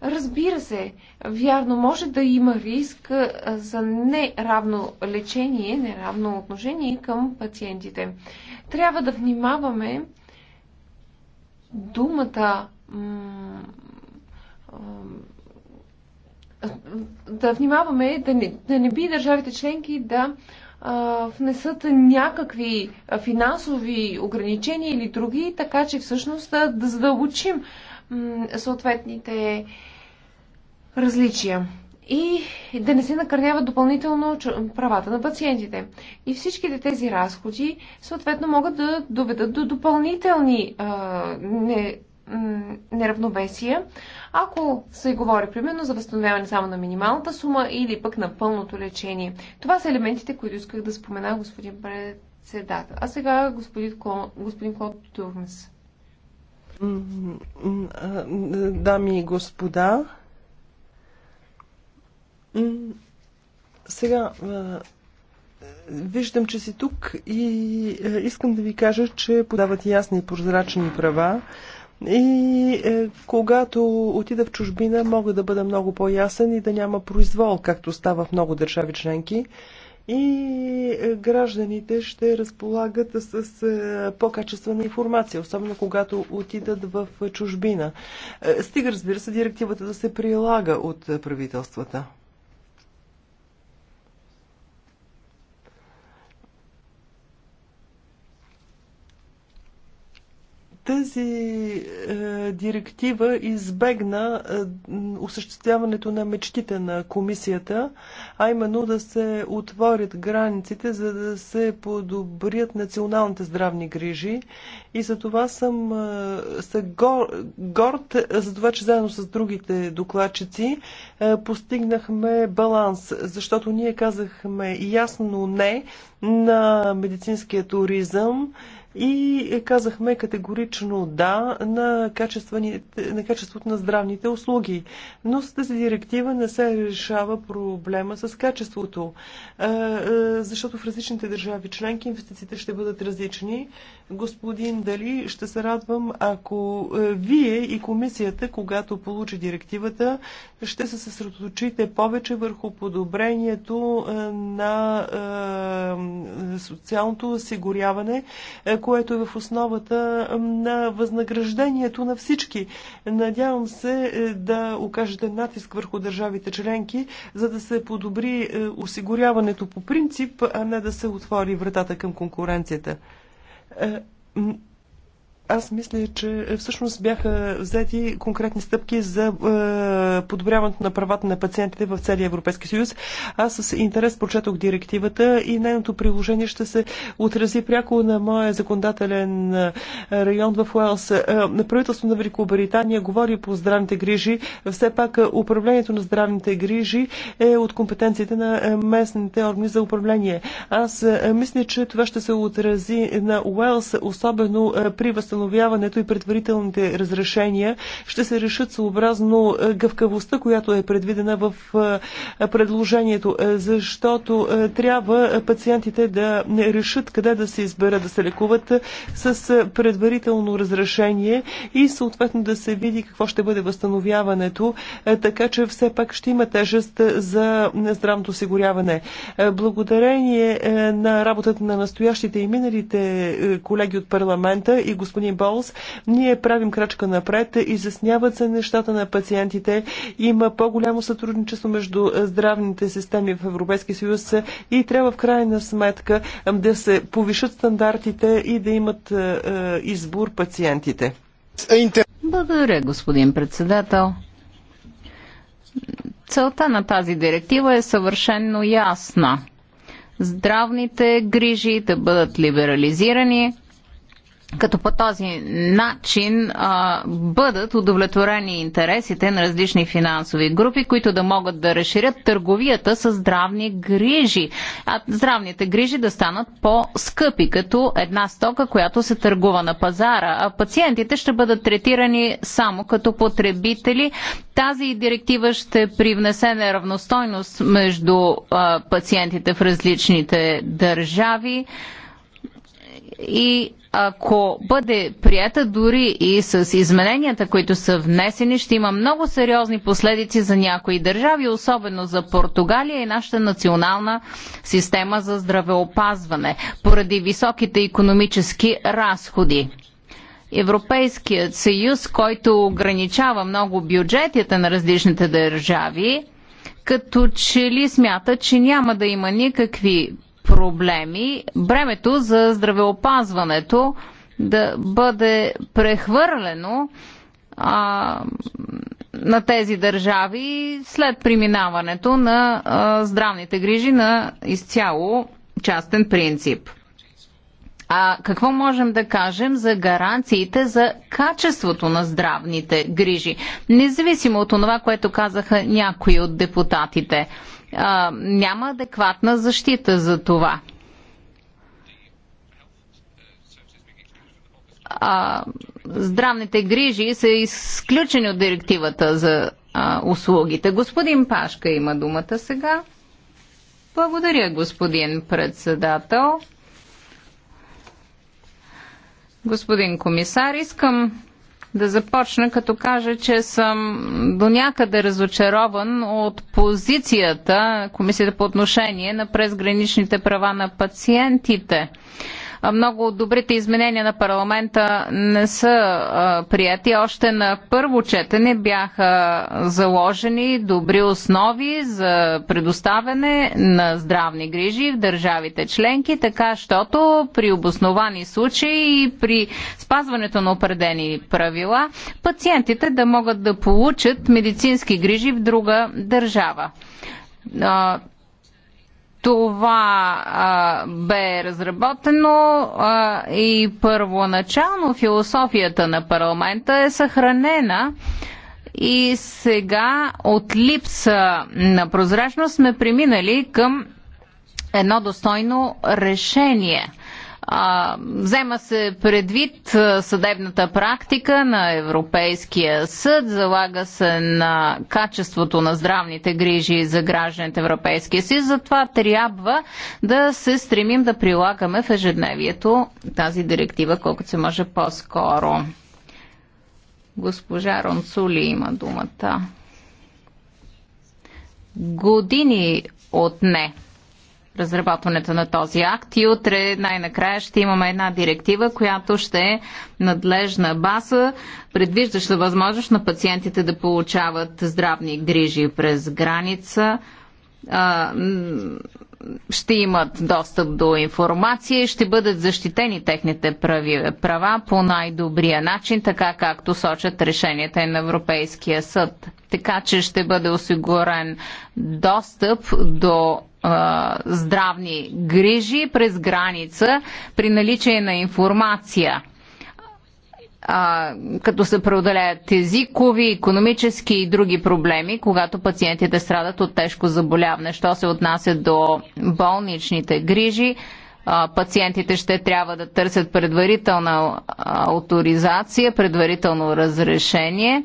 Разбира се, вярно, може да има риск за неравно лечение, неравно отношение към пациентите. Трябва да внимаваме думата да внимаваме да не, да не би държавите членки да а, внесат някакви финансови ограничения или други, така че всъщност да, да задълбочим съответните различия и да не се накърняват допълнително правата на пациентите. И всичките тези разходи съответно могат да доведат до допълнителни а, не, неравновесия. Ако се говори примерно за възстановяване само на минималната сума или пък на пълното лечение. Това са елементите, които исках да спомена господин председател. А сега господин, Кло, господин Клод Турмес. Дами и господа, сега виждам, че си тук и искам да ви кажа, че подават ясни и прозрачни права и е, когато отида в чужбина, мога да бъда много по-ясен и да няма произвол, както става в много държави членки. И е, гражданите ще разполагат с е, по-качествена информация, особено когато отидат в чужбина. Е, стига, разбира се, директивата да се прилага от правителствата. тази е, директива избегна е, осъществяването на мечтите на комисията, а именно да се отворят границите, за да се подобрят националните здравни грижи. И за това съм е, са гор, горд, за това, че заедно с другите докладчици е, постигнахме баланс, защото ние казахме ясно не на медицинския туризъм, и казахме категорично да на, на качеството на здравните услуги. Но с тази директива не се решава проблема с качеството, е, е, защото в различните държави членки инвестициите ще бъдат различни. Господин Дали, ще се радвам, ако е, вие и комисията, когато получи директивата, ще се съсредоточите повече върху подобрението на социалното осигуряване, което е в основата на възнаграждението на всички. Надявам се е, да окажете натиск върху държавите членки, за да се подобри е, осигуряването по принцип, а не да се отвори вратата към конкуренцията. Е, аз мисля, че е, всъщност бяха взети конкретни стъпки за е, подобряването на правата на пациентите в целия Европейски съюз. Аз с интерес прочетох директивата и нейното приложение ще се отрази пряко на моя законодателен е, район в Уелс. Е, правителство на Великобритания говори по здравните грижи. Все пак е, управлението на здравните грижи е от компетенциите на местните органи за управление. Аз мисля, че това ще се отрази на Уелс, особено при възстановяването установяването и предварителните разрешения ще се решат съобразно е, гъвкавостта, която е предвидена в е, предложението, е, защото трябва пациентите да решат къде да се изберат да се лекуват с предварително разрешение и съответно да се види какво ще бъде възстановяването, така че все пак ще има тежест за здравното осигуряване. Благодарение на работата на настоящите и миналите колеги от парламента и господин Тони Болс, ние правим крачка напред, изясняват се нещата на пациентите, има по-голямо сътрудничество между е, здравните системи в Европейския съюз и трябва в крайна сметка е, да се повишат стандартите и да имат е, избор пациентите. Благодаря, господин председател. Целта на тази директива е съвършенно ясна. Здравните грижи да бъдат либерализирани, като по този начин а, бъдат удовлетворени интересите на различни финансови групи, които да могат да разширят търговията с здравни грижи, а здравните грижи да станат по-скъпи, като една стока, която се търгува на пазара, а пациентите ще бъдат третирани само като потребители. Тази директива ще привнесе неравностойност между а, пациентите в различните държави и ако бъде прията дори и с измененията, които са внесени, ще има много сериозни последици за някои държави, особено за Португалия и нашата национална система за здравеопазване, поради високите економически разходи. Европейският съюз, който ограничава много бюджетите на различните държави, като че ли смята, че няма да има никакви проблеми, бремето за здравеопазването да бъде прехвърлено а, на тези държави след преминаването на а, здравните грижи на изцяло частен принцип. А какво можем да кажем за гаранциите за качеството на здравните грижи, независимо от това, което казаха някои от депутатите? а, няма адекватна защита за това. А, здравните грижи са изключени от директивата за а, услугите. Господин Пашка има думата сега. Благодаря, господин председател. Господин комисар, искам да започна като кажа, че съм до някъде разочарован от позицията на Комисията по отношение на презграничните права на пациентите много от добрите изменения на парламента не са прияти. Още на първо четене бяха заложени добри основи за предоставяне на здравни грижи в държавите членки, така щото при обосновани случаи и при спазването на определени правила пациентите да могат да получат медицински грижи в друга държава това а, бе разработено а, и първоначално философията на парламента е съхранена и сега от липса на прозрачност сме преминали към едно достойно решение – а, взема се предвид съдебната практика на Европейския съд, залага се на качеството на здравните грижи за гражданите Европейския съюз, затова трябва да се стремим да прилагаме в ежедневието тази директива колкото се може по-скоро. Госпожа Ронцули има думата. Години отне разработването на този акт и утре най-накрая ще имаме една директива, която ще е надлежна база, предвиждаща възможност на пациентите да получават здравни грижи през граница ще имат достъп до информация и ще бъдат защитени техните прави, права по най-добрия начин, така както сочат решенията на Европейския съд. Така че ще бъде осигурен достъп до е, здравни грижи през граница при наличие на информация – а, като се преодолеят езикови, економически и други проблеми, когато пациентите страдат от тежко заболяване. Що се отнася до болничните грижи, а, пациентите ще трябва да търсят предварителна авторизация, предварително разрешение.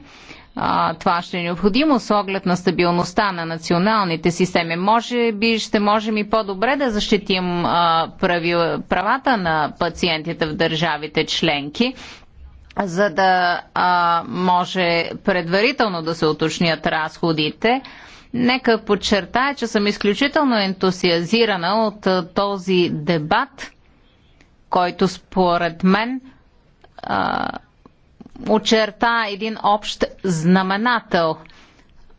А, това ще е необходимо с оглед на стабилността на националните системи. Може би ще можем и по-добре да защитим а, прави, правата на пациентите в държавите членки, за да а, може предварително да се уточнят разходите. Нека подчертая, че съм изключително ентусиазирана от а, този дебат, който според мен а, очерта един общ знаменател.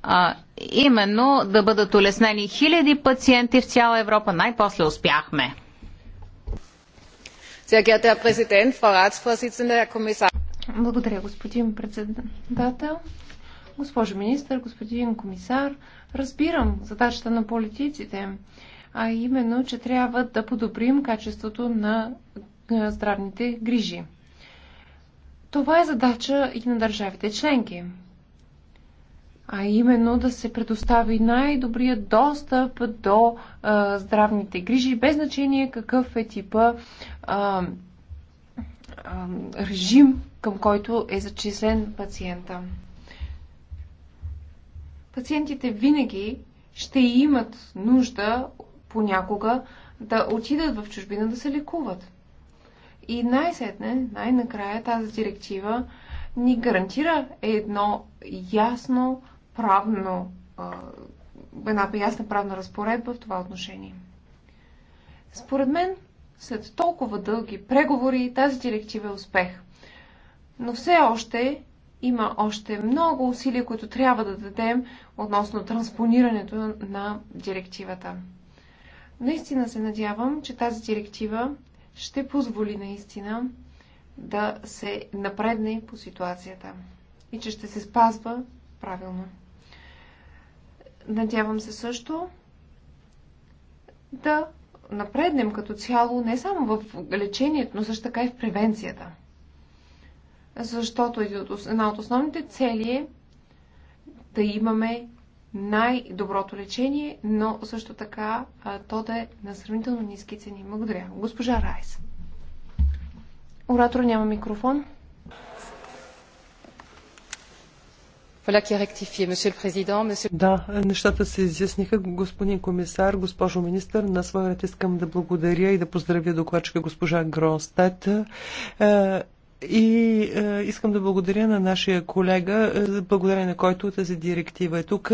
А, именно да бъдат улеснени хиляди пациенти в цяла Европа. Най-после успяхме. Sehr geehrter Herr Präsident, Frau Ratsvorsitzende, Herr Kommissar. Благодаря, господин председател. Госпожо министър, господин комисар, разбирам задачата на политиците, а именно, че трябва да подобрим качеството на здравните грижи. Това е задача и на държавите членки. А именно да се предостави най-добрия достъп до а, здравните грижи, без значение какъв е типа а, а, режим към който е зачислен пациента. Пациентите винаги ще имат нужда понякога да отидат в чужбина да се лекуват. И най-сетне, най-накрая тази директива ни гарантира едно ясно правно, една ясна правна разпоредба в това отношение. Според мен, след толкова дълги преговори, тази директива е успех – но все още има още много усилия, които трябва да дадем относно транспонирането на директивата. Наистина се надявам, че тази директива ще позволи наистина да се напредне по ситуацията и че ще се спазва правилно. Надявам се също да напреднем като цяло не само в лечението, но също така и в превенцията – защото една от основните цели е да имаме най-доброто лечение, но също така то да е на сравнително ниски цени. Благодаря. Госпожа Райс. Оратор няма микрофон. Да, нещата се изясниха. Господин комисар, госпожо министър, на своя ред искам да благодаря и да поздравя докладчика госпожа Гростет. Е, и е, искам да благодаря на нашия колега, е, благодаря на който тази директива е тук.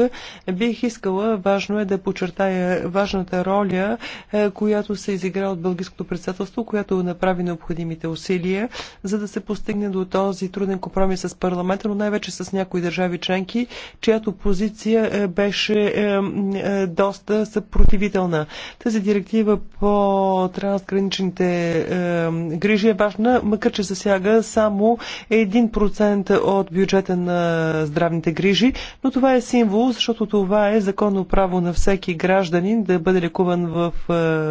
Бих искала, важно е да подчертая важната роля, е, която се изигра от Бългийското председателство, която направи необходимите усилия, за да се постигне до този труден компромис с парламента, но най-вече с някои държави членки, чиято позиция е, беше е, е, доста съпротивителна. Тази директива по трансграничните е, грижи е важна, макар че засяга само 1% от бюджета на здравните грижи, но това е символ, защото това е законно право на всеки гражданин да бъде лекуван в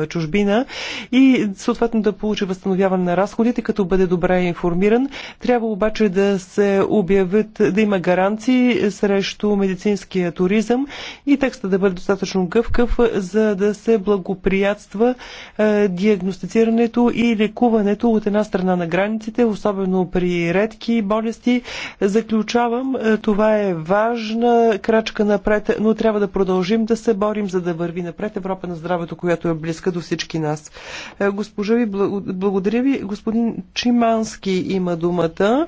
е, чужбина и съответно да получи възстановяване на разходите, като бъде добре информиран. Трябва обаче да се обявят, да има гаранции срещу медицинския туризъм и текста да бъде достатъчно гъвкав, за да се благоприятства е, диагностицирането и лекуването от една страна на границите, особено особено при редки болести. Заключавам, е, това е важна крачка напред, но трябва да продължим да се борим, за да върви напред Европа на здравето, която е близка до всички нас. Е, госпожа ви, благодаря ви. Господин Чимански има думата.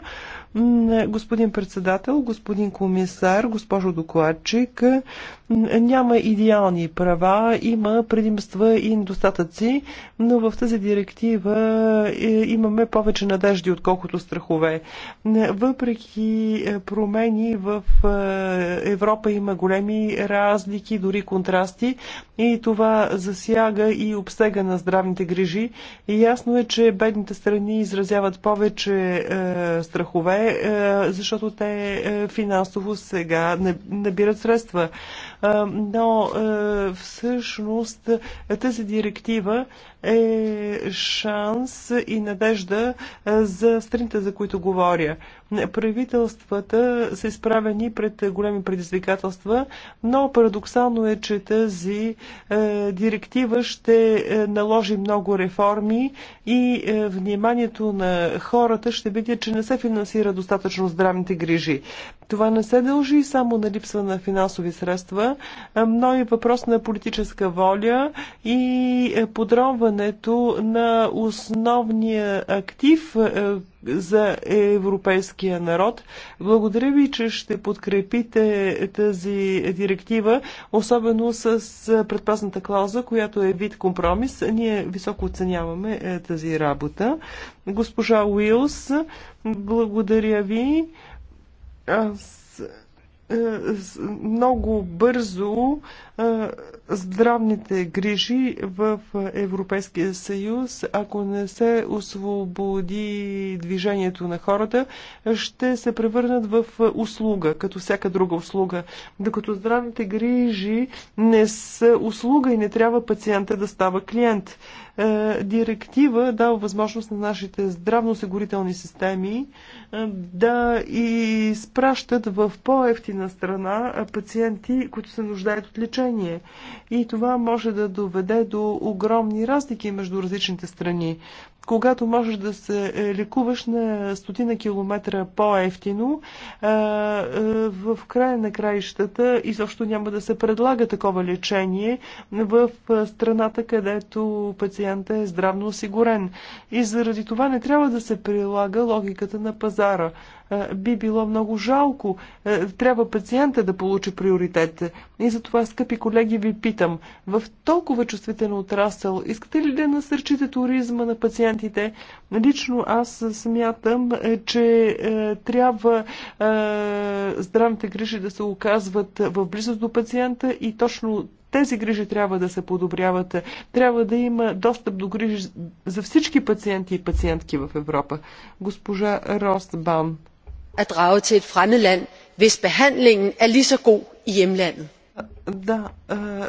Господин председател, господин комисар, госпожо докладчик, няма идеални права, има предимства и недостатъци, но в тази директива е, имаме повече надежди, отколкото страхове. Въпреки е, промени в е, Европа има големи разлики, дори контрасти и това засяга и обсега на здравните грижи. И ясно е, че бедните страни изразяват повече страхове, е, е, защото те е, финансово сега набират средства но всъщност тази директива е шанс и надежда за страните, за които говоря. Правителствата са изправени пред големи предизвикателства, но парадоксално е, че тази директива ще наложи много реформи и вниманието на хората ще види, че не се финансира достатъчно здравните грижи. Това не се дължи само на липса на финансови средства, но и въпрос на политическа воля и е, подробването на основния актив е, за европейския народ. Благодаря ви, че ще подкрепите тази директива, особено с предпазната клауза, която е вид компромис. Ние високо оценяваме е, тази работа. Госпожа Уилс, благодаря ви. Аз е, много бързо е, здравните грижи в Европейския съюз, ако не се освободи движението на хората, ще се превърнат в услуга, като всяка друга услуга. Докато здравните грижи не са услуга и не трябва пациента да става клиент. Е, директива дава възможност на нашите здравноосигурителни системи е, да изпращат в по-ефтина страна е, пациенти, които се нуждаят от лечение. И това може да доведе до огромни разлики между различните страни когато можеш да се е, лекуваш на стотина километра по-ефтино, е, е, в края на краищата изобщо няма да се предлага такова лечение в страната, където пациентът е здравно осигурен. И заради това не трябва да се прилага логиката на пазара би било много жалко. Трябва пациента да получи приоритет. И за това, скъпи колеги, ви питам, в толкова чувствителен отрасъл, искате ли да насърчите туризма на пациентите? Лично аз смятам, че трябва здравните грижи да се оказват в близост до пациента и точно тези грижи трябва да се подобряват. Трябва да има достъп до грижи за всички пациенти и пациентки в Европа. Госпожа Ростбан at drage til et fremmed land, hvis behandlingen er lige så god i hjemlandet. Да,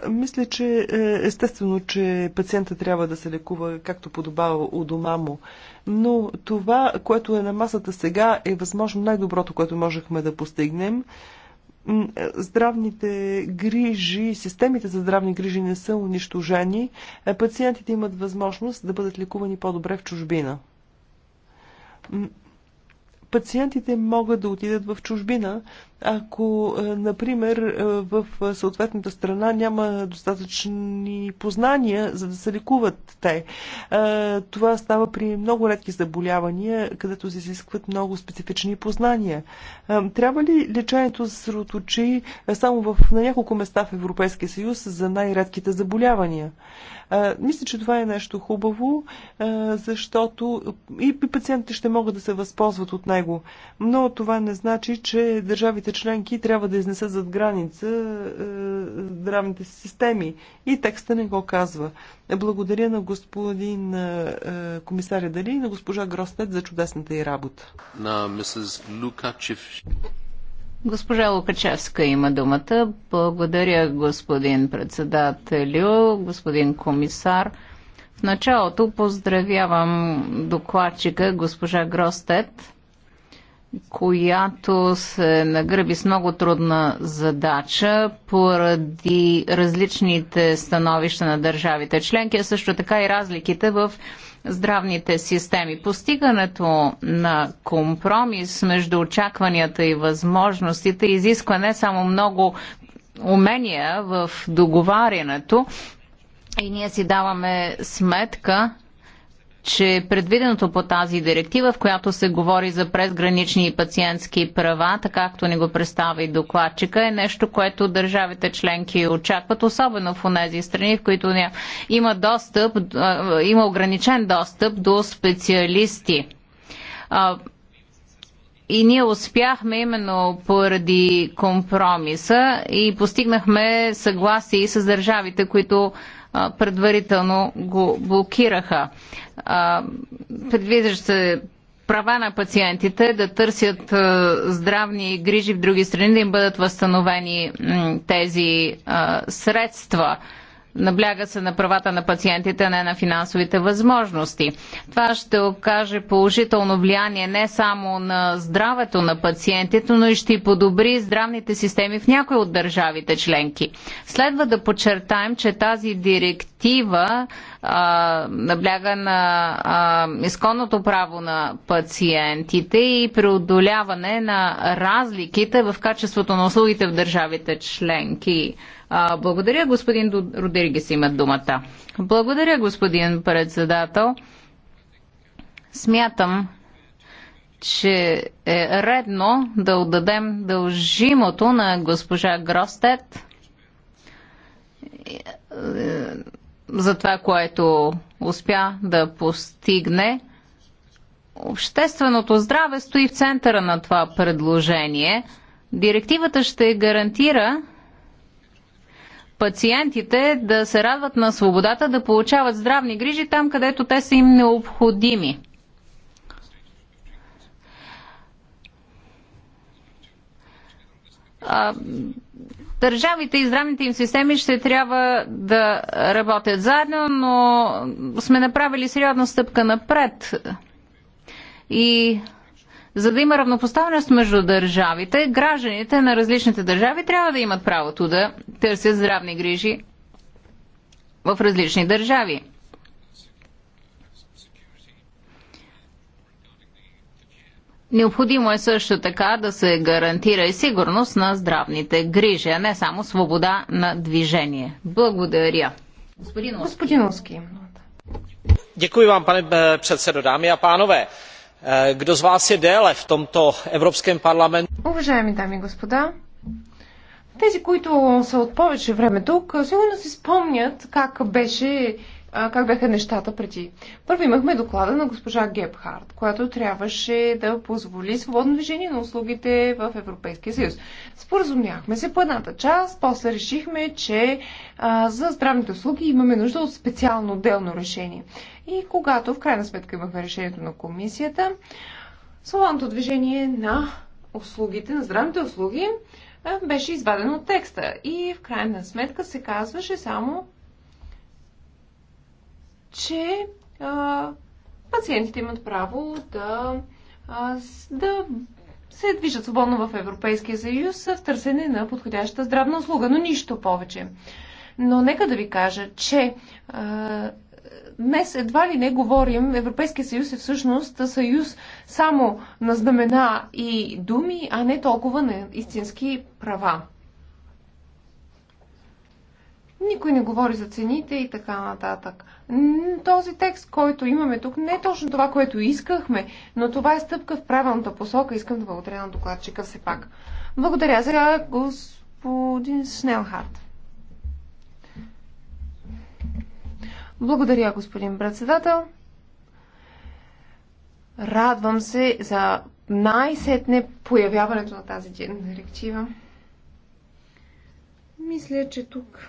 мисля, че е, естествено, че пациента трябва да се лекува както подобава у дома му. Но това, което е на масата сега, е възможно най-доброто, което можехме да постигнем. Е, здравните грижи, системите за здравни грижи не са унищожени. Е, пациентите имат възможност да бъдат лекувани по-добре в чужбина пациентите могат да отидат в чужбина, ако, е, например, е, в съответната страна няма достатъчни познания, за да се лекуват те. Е, това става при много редки заболявания, където се изискват много специфични познания. Трябва ли лечението да се сроточи само в, на няколко места в Европейския съюз за най-редките заболявания? Мисля, че това е нещо хубаво, защото и пациентите ще могат да се възползват от него. Но това не значи, че държавите членки трябва да изнесат зад граница здравните системи. И текста не го казва. Благодаря на господин комисаря Дали и на госпожа Гростет за чудесната й работа. На мисъс Лукачев. Госпожа Лукачевска има думата. Благодаря, господин председателю, господин комисар. В началото поздравявам докладчика госпожа Гростет, която се нагръби с много трудна задача поради различните становища на държавите членки, а също така и разликите в здравните системи. Постигането на компромис между очакванията и възможностите изисква не само много умения в договарянето и ние си даваме сметка, че предвиденото по тази директива, в която се говори за презгранични и пациентски права, така както ни го представи докладчика, е нещо, което държавите членки очакват, особено в тези страни, в които има достъп, има ограничен достъп до специалисти и ние успяхме именно поради компромиса и постигнахме съгласие и с държавите, които предварително го блокираха. Предвиждащ се права на пациентите да търсят здравни грижи в други страни, да им бъдат възстановени тези средства. Набляга се на правата на пациентите, не на финансовите възможности. Това ще окаже положително влияние не само на здравето на пациентите, но и ще подобри здравните системи в някои от държавите членки. Следва да подчертаем, че тази директива а, набляга на а, изконното право на пациентите и преодоляване на разликите в качеството на услугите в държавите членки. А, благодаря, господин Родиригес има думата. Благодаря, господин председател. Смятам, че е редно да отдадем дължимото на госпожа Гростет за това, което успя да постигне. Общественото здраве стои в центъра на това предложение. Директивата ще гарантира пациентите да се радват на свободата да получават здравни грижи там, където те са им необходими. А, Държавите и здравните им системи ще трябва да работят заедно, но сме направили сериозна стъпка напред. И за да има равнопоставеност между държавите, гражданите на различните държави трябва да имат правото да търсят здравни грижи в различни държави. Необходимо е също така да се гарантира и сигурност на здравните грижи, а не само свобода на движение. Благодаря. Господин Оски. Господин Оски. Děkuji vám, pane eh, předsedo, dámy a pánové. Eh, kdo z vás je déle v tomto Evropském parlamentu? Уважаеми дами и господа, тези, които са от повече време тук, сигурно си спомнят как беше а, как бяха нещата преди. Първо имахме доклада на госпожа Гебхард, която трябваше да позволи свободно движение на услугите в Европейския съюз. Споразумяхме се по едната част, после решихме, че а, за здравните услуги имаме нужда от специално отделно решение. И когато в крайна сметка имахме решението на комисията, свободното движение на услугите, на здравните услуги, беше извадено от текста. И в крайна сметка се казваше само че а, пациентите имат право да, а, да се движат свободно в Европейския съюз в търсене на подходяща здравна услуга, но нищо повече. Но нека да ви кажа, че а, днес едва ли не говорим, Европейския съюз е всъщност съюз само на знамена и думи, а не толкова на истински права. Никой не говори за цените и така нататък. Този текст, който имаме тук, не е точно това, което искахме, но това е стъпка в правилната посока. Искам да благодаря на докладчика все пак. Благодаря за господин Шнелхарт. Благодаря, господин председател. Радвам се за най-сетне появяването на тази директива. Мисля, че тук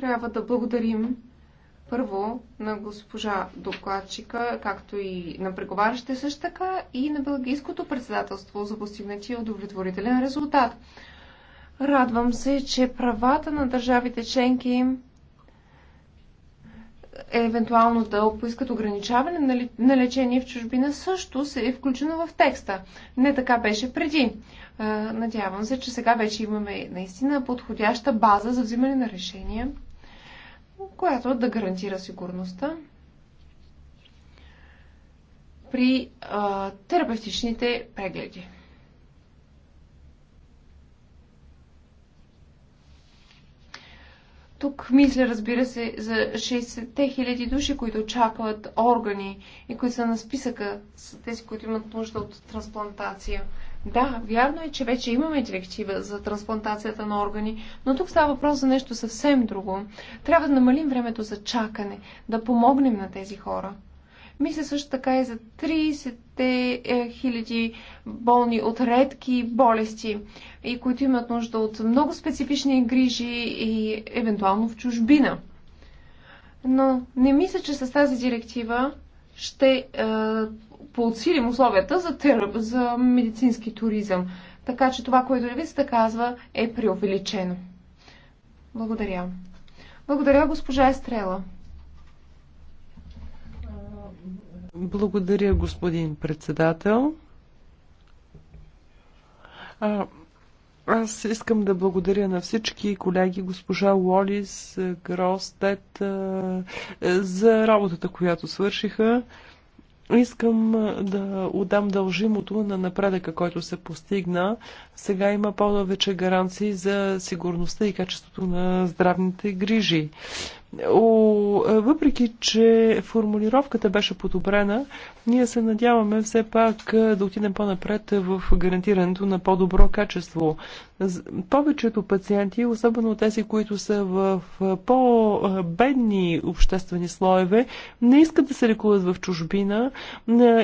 трябва да благодарим първо на госпожа докладчика, както и на преговарящите също така и на Белгийското председателство за постигнатия удовлетворителен резултат. Радвам се, че правата на държавите членки е евентуално да поискат ограничаване на лечение в чужбина също се е включено в текста. Не така беше преди. Е, надявам се, че сега вече имаме наистина подходяща база за взимане на решения която да гарантира сигурността при а, терапевтичните прегледи. Тук мисля, разбира се, за 60-те хиляди души, които очакват органи и които са на списъка, с тези, които имат нужда от трансплантация. Да, вярно е, че вече имаме директива за трансплантацията на органи, но тук става въпрос за нещо съвсем друго. Трябва да намалим времето за чакане, да помогнем на тези хора. Мисля също така и за 30 е, хиляди болни от редки болести, и които имат нужда от много специфични грижи и евентуално в чужбина. Но не мисля, че с тази директива ще е, подсилим условията за, тер... за медицински туризъм. Така че това, което левицата казва, е преувеличено. Благодаря. Благодаря, госпожа Естрела. Благодаря, господин председател. А, аз искам да благодаря на всички колеги, госпожа Лолис, Гростет, за работата, която свършиха. Искам да отдам дължимото на напредъка, който се постигна. Сега има повече гаранции за сигурността и качеството на здравните грижи. Въпреки, че формулировката беше подобрена, ние се надяваме все пак да отидем по-напред в гарантирането на по-добро качество. Повечето пациенти, особено тези, които са в по-бедни обществени слоеве, не искат да се лекуват в чужбина.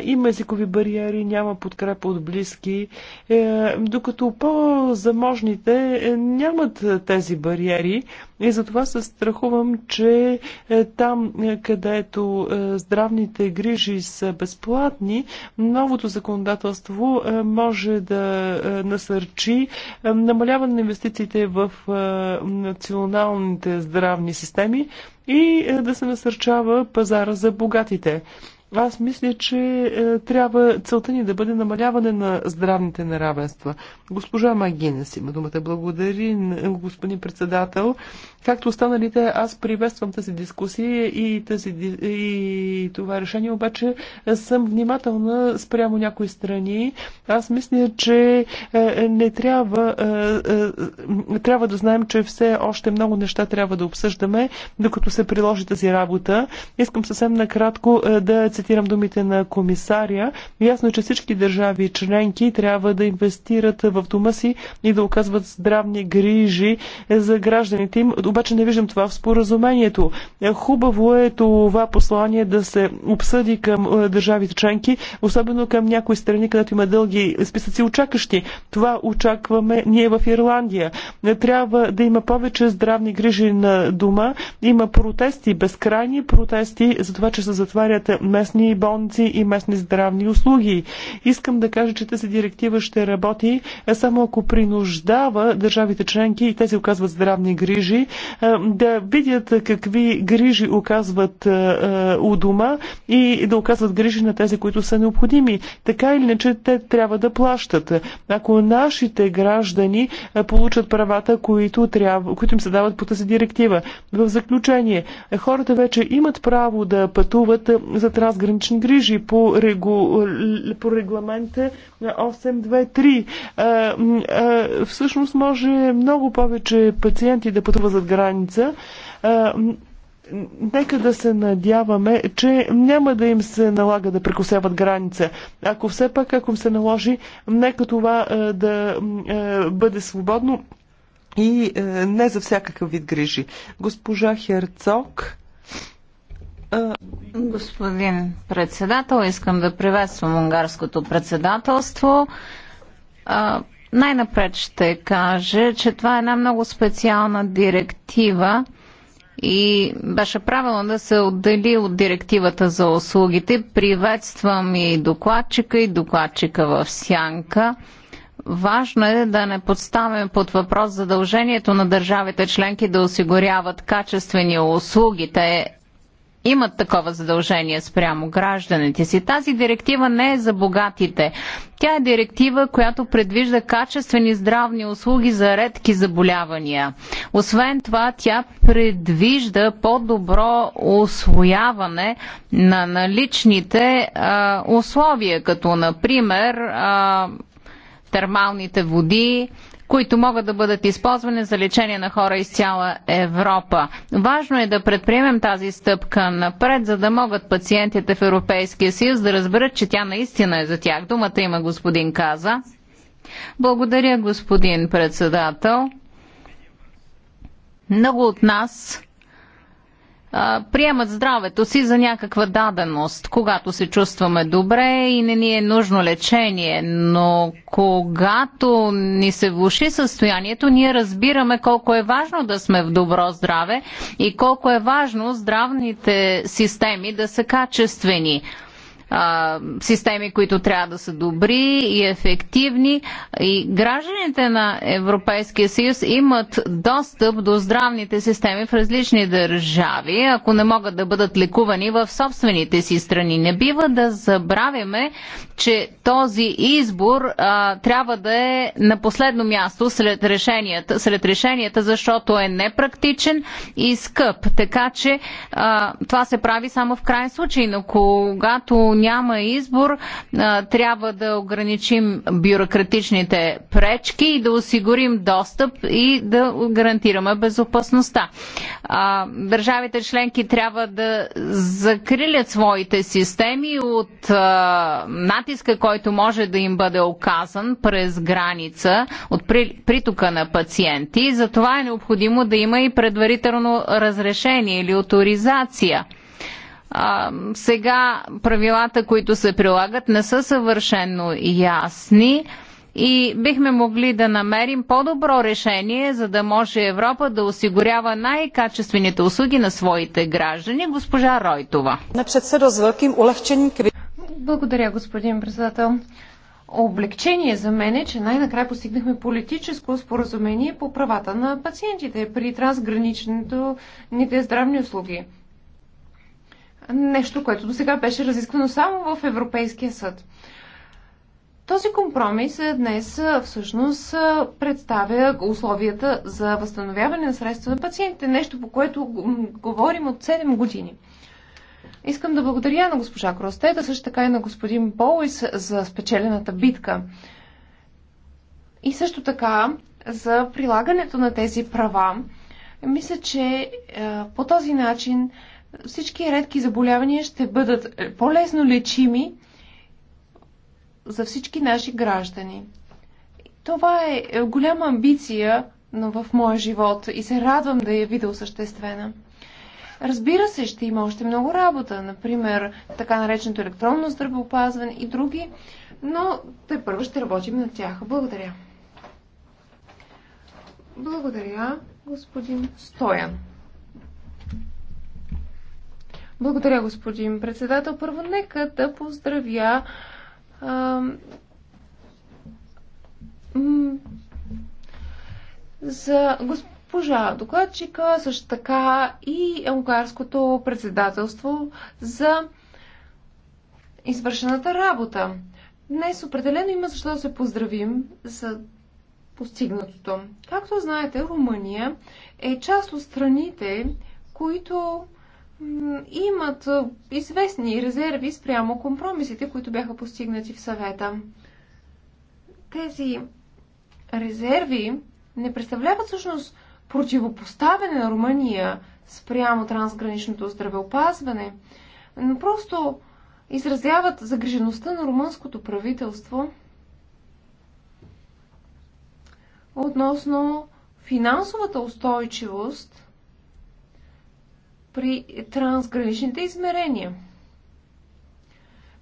Има езикови бариери, няма подкрепа от близки, е, докато по-заможните е, нямат тези бариери и затова се страхувам, че е, там, е, където е, здравните грижи са безплатни, новото законодателство може да насърчи намаляване на инвестициите в националните здравни системи и да се насърчава пазара за богатите. Аз мисля, че е, трябва целта ни да бъде намаляване на здравните неравенства. Госпожа Магинес има думата. Благодари, господин председател. Както останалите, аз приветствам тази дискусия и, тази, и това решение, обаче съм внимателна спрямо някои страни. Аз мисля, че е, не трябва, е, е, трябва да знаем, че все още много неща трябва да обсъждаме, докато се приложи тази работа. Искам съвсем накратко е, да цитирам цитирам думите на комисаря, ясно е, че всички държави членки трябва да инвестират в дома си и да оказват здравни грижи за гражданите им. Обаче не виждам това в споразумението. Хубаво е това послание да се обсъди към е, държавите членки, особено към някои страни, където има дълги списъци очакащи. Това очакваме ние в Ирландия. Трябва да има повече здравни грижи на дома. Има протести, безкрайни протести за това, че се затварят места местни болници и местни здравни услуги. Искам да кажа, че тази директива ще работи само ако принуждава държавите членки и тези оказват здравни грижи да видят какви грижи оказват у дома и да оказват грижи на тези, които са необходими. Така или иначе те трябва да плащат. Ако нашите граждани получат правата, които, трябва, които им се дават по тази директива. В заключение, хората вече имат право да пътуват за транспорт трансгранични грижи по, регу, по регламента 823. Всъщност може много повече пациенти да пътуват зад граница. Нека да се надяваме, че няма да им се налага да прекусяват граница. Ако все пак, ако им се наложи, нека това да бъде свободно и не за всякакъв вид грижи. Госпожа Херцог. Господин председател, искам да приветствам унгарското председателство. Най-напред ще кажа, че това е една много специална директива и беше правилно да се отдели от директивата за услугите. Приветствам и докладчика, и докладчика в сянка. Важно е да не подставяме под въпрос задължението на държавите членки да осигуряват качествени услуги. Те имат такова задължение спрямо гражданите си. Тази директива не е за богатите. Тя е директива, която предвижда качествени здравни услуги за редки заболявания. Освен това, тя предвижда по-добро освояване на наличните а, условия, като например а, термалните води, които могат да бъдат използвани за лечение на хора из цяла Европа. Важно е да предприемем тази стъпка напред, за да могат пациентите в Европейския съюз да разберат, че тя наистина е за тях. Думата има господин Каза. Благодаря, господин председател. Много от нас а, приемат здравето си за някаква даденост, когато се чувстваме добре и не ни е нужно лечение. Но когато ни се влуши състоянието, ние разбираме колко е важно да сме в добро здраве и колко е важно здравните системи да са качествени а, системи, които трябва да са добри и ефективни. И гражданите на Европейския съюз имат достъп до здравните системи в различни държави, ако не могат да бъдат лекувани в собствените си страни. Не бива да забравяме, че този избор а, трябва да е на последно място след решенията, след решенията защото е непрактичен и скъп. Така че а, това се прави само в крайен случай, но когато няма избор, трябва да ограничим бюрократичните пречки и да осигурим достъп и да гарантираме безопасността. Държавите членки трябва да закрилят своите системи от натиска, който може да им бъде оказан през граница от притока на пациенти. Затова е необходимо да има и предварително разрешение или авторизация. А, сега правилата, които се прилагат, не са съвършено ясни и бихме могли да намерим по-добро решение, за да може Европа да осигурява най-качествените услуги на своите граждани. Госпожа Ройтова. Благодаря, господин председател. Облегчение за мен е, че най-накрая постигнахме политическо споразумение по правата на пациентите при трансграничните здравни услуги нещо, което до сега беше разисквано само в Европейския съд. Този компромис е, днес е, всъщност е, представя условията за възстановяване на средства на пациентите, нещо по което говорим от 7 години. Искам да благодаря на госпожа Кростета, също така и на господин Боуис за спечелената битка. И също така за прилагането на тези права. Мисля, че по този начин всички редки заболявания ще бъдат е, по-лесно лечими за всички наши граждани. Това е, е голяма амбиция но в моя живот и се радвам да я видя осъществена. Разбира се, ще има още много работа, например така нареченото електронно здравеопазване и други, но те първо ще работим на тях. Благодаря. Благодаря, господин Стоян. Благодаря, господин председател. Първо, нека да поздравя а, за госпожа докладчика, също така и унгарското председателство за извършената работа. Днес определено има защо да се поздравим за постигнатото. Както знаете, Румъния е част от страните, които имат известни резерви спрямо компромисите, които бяха постигнати в съвета. Тези резерви не представляват всъщност противопоставяне на Румъния спрямо трансграничното здравеопазване, но просто изразяват загрижеността на румънското правителство относно финансовата устойчивост при трансграничните измерения.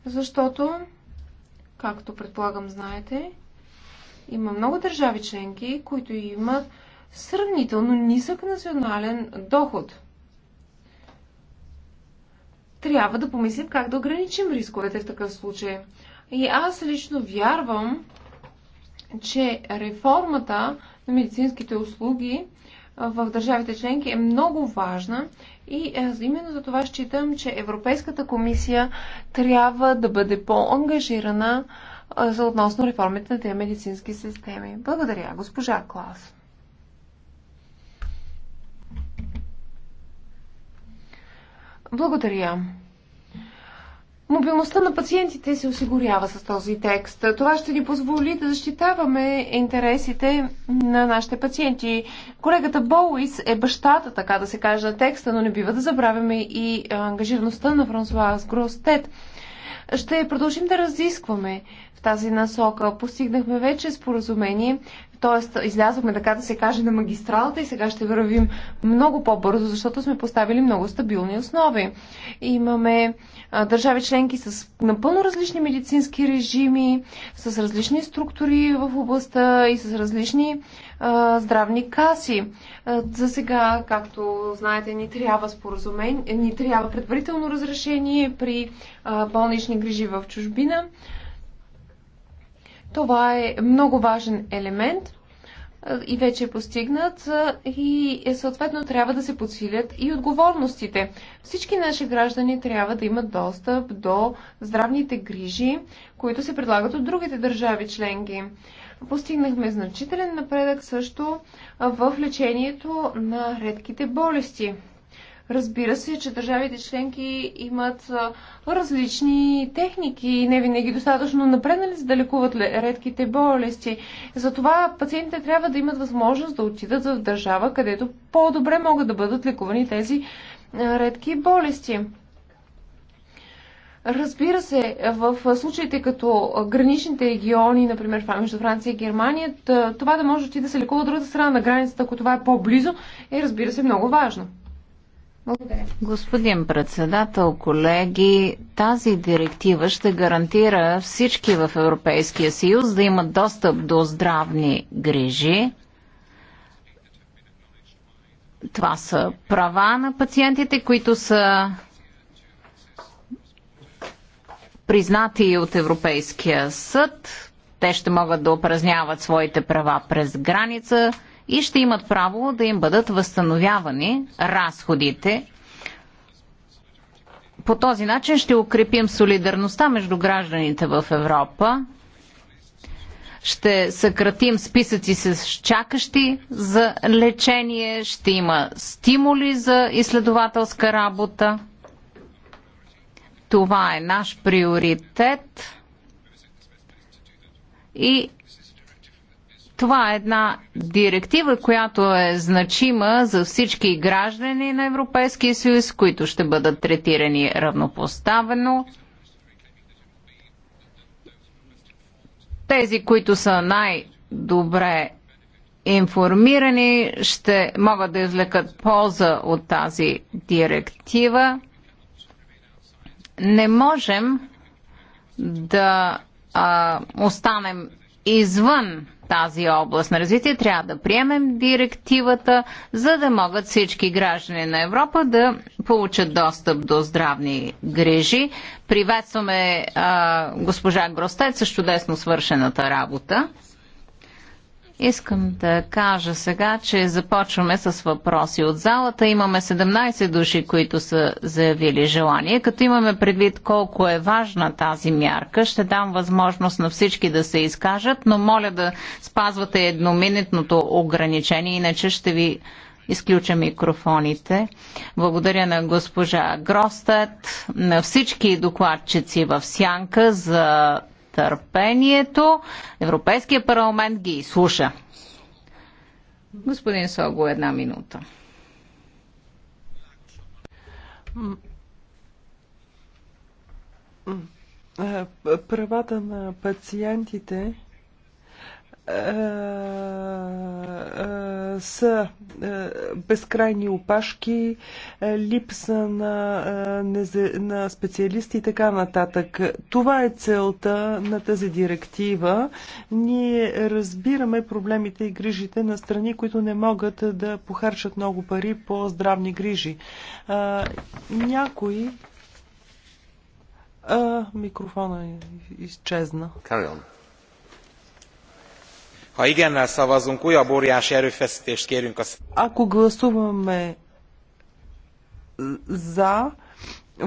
Защото, както предполагам знаете, има много държави членки, които имат сравнително нисък национален доход. Трябва да помислим как да ограничим рисковете в такъв случай. И аз лично вярвам, че реформата на медицинските услуги в държавите членки е много важна и е, именно за това считам, че Европейската комисия трябва да бъде по-ангажирана е, за относно реформите на тези медицински системи. Благодаря, госпожа Клас. Благодаря. Мобилността на пациентите се осигурява с този текст. Това ще ни позволи да защитаваме интересите на нашите пациенти. Колегата Боуис е бащата, така да се каже, на текста, но не бива да забравяме и ангажираността на Франсуаз Гростет. Ще продължим да разискваме тази насока. Постигнахме вече споразумение, т.е. излязохме, така да се каже, на магистралата и сега ще вървим много по-бързо, защото сме поставили много стабилни основи. Имаме държави членки с напълно различни медицински режими, с различни структури в областта и с различни здравни каси. за сега, както знаете, ни трябва споразумение, ни трябва предварително разрешение при болнични грижи в чужбина. Това е много важен елемент и вече е постигнат и е, съответно трябва да се подсилят и отговорностите. Всички наши граждани трябва да имат достъп до здравните грижи, които се предлагат от другите държави членки. Постигнахме значителен напредък също в лечението на редките болести. Разбира се, че държавите членки имат различни техники и не винаги достатъчно напреднали за да лекуват редките болести. Затова пациентите трябва да имат възможност да отидат в държава, където по-добре могат да бъдат лекувани тези редки болести. Разбира се, в случаите като граничните региони, например между Франция и Германия, това да може да се лекува от другата страна на границата, ако това е по-близо, е разбира се много важно. Благодаря. Господин председател, колеги, тази директива ще гарантира всички в Европейския съюз да имат достъп до здравни грижи. Това са права на пациентите, които са признати от Европейския съд. Те ще могат да упражняват своите права през граница и ще имат право да им бъдат възстановявани разходите. По този начин ще укрепим солидарността между гражданите в Европа, ще съкратим списъци с чакащи за лечение, ще има стимули за изследователска работа. Това е наш приоритет и това е една директива, която е значима за всички граждани на Европейския съюз, които ще бъдат третирани равнопоставено. Тези, които са най-добре информирани, ще могат да извлекат полза от тази директива. Не можем да а, останем извън тази област на развитие, трябва да приемем директивата, за да могат всички граждани на Европа да получат достъп до здравни грижи. Приветстваме а, госпожа Гростет с чудесно свършената работа. Искам да кажа сега, че започваме с въпроси от залата. Имаме 17 души, които са заявили желание. Като имаме предвид колко е важна тази мярка, ще дам възможност на всички да се изкажат, но моля да спазвате едноминутното ограничение, иначе ще ви изключа микрофоните. Благодаря на госпожа Гростет, на всички докладчици в Сянка за търпението. Европейския парламент ги слуша. Господин Сого, една минута. Правата на пациентите е, е, са е, безкрайни опашки, липса на, на специалисти и така нататък. Това е целта на тази директива. Ние разбираме проблемите и грижите на страни, които не могат да похарчат много пари по здравни грижи. Някои. микрофона изчезна. Carry on. Ha igennel szavazunk, újabb óriási erőfeszítést kérünk a... Ако гласуваме за,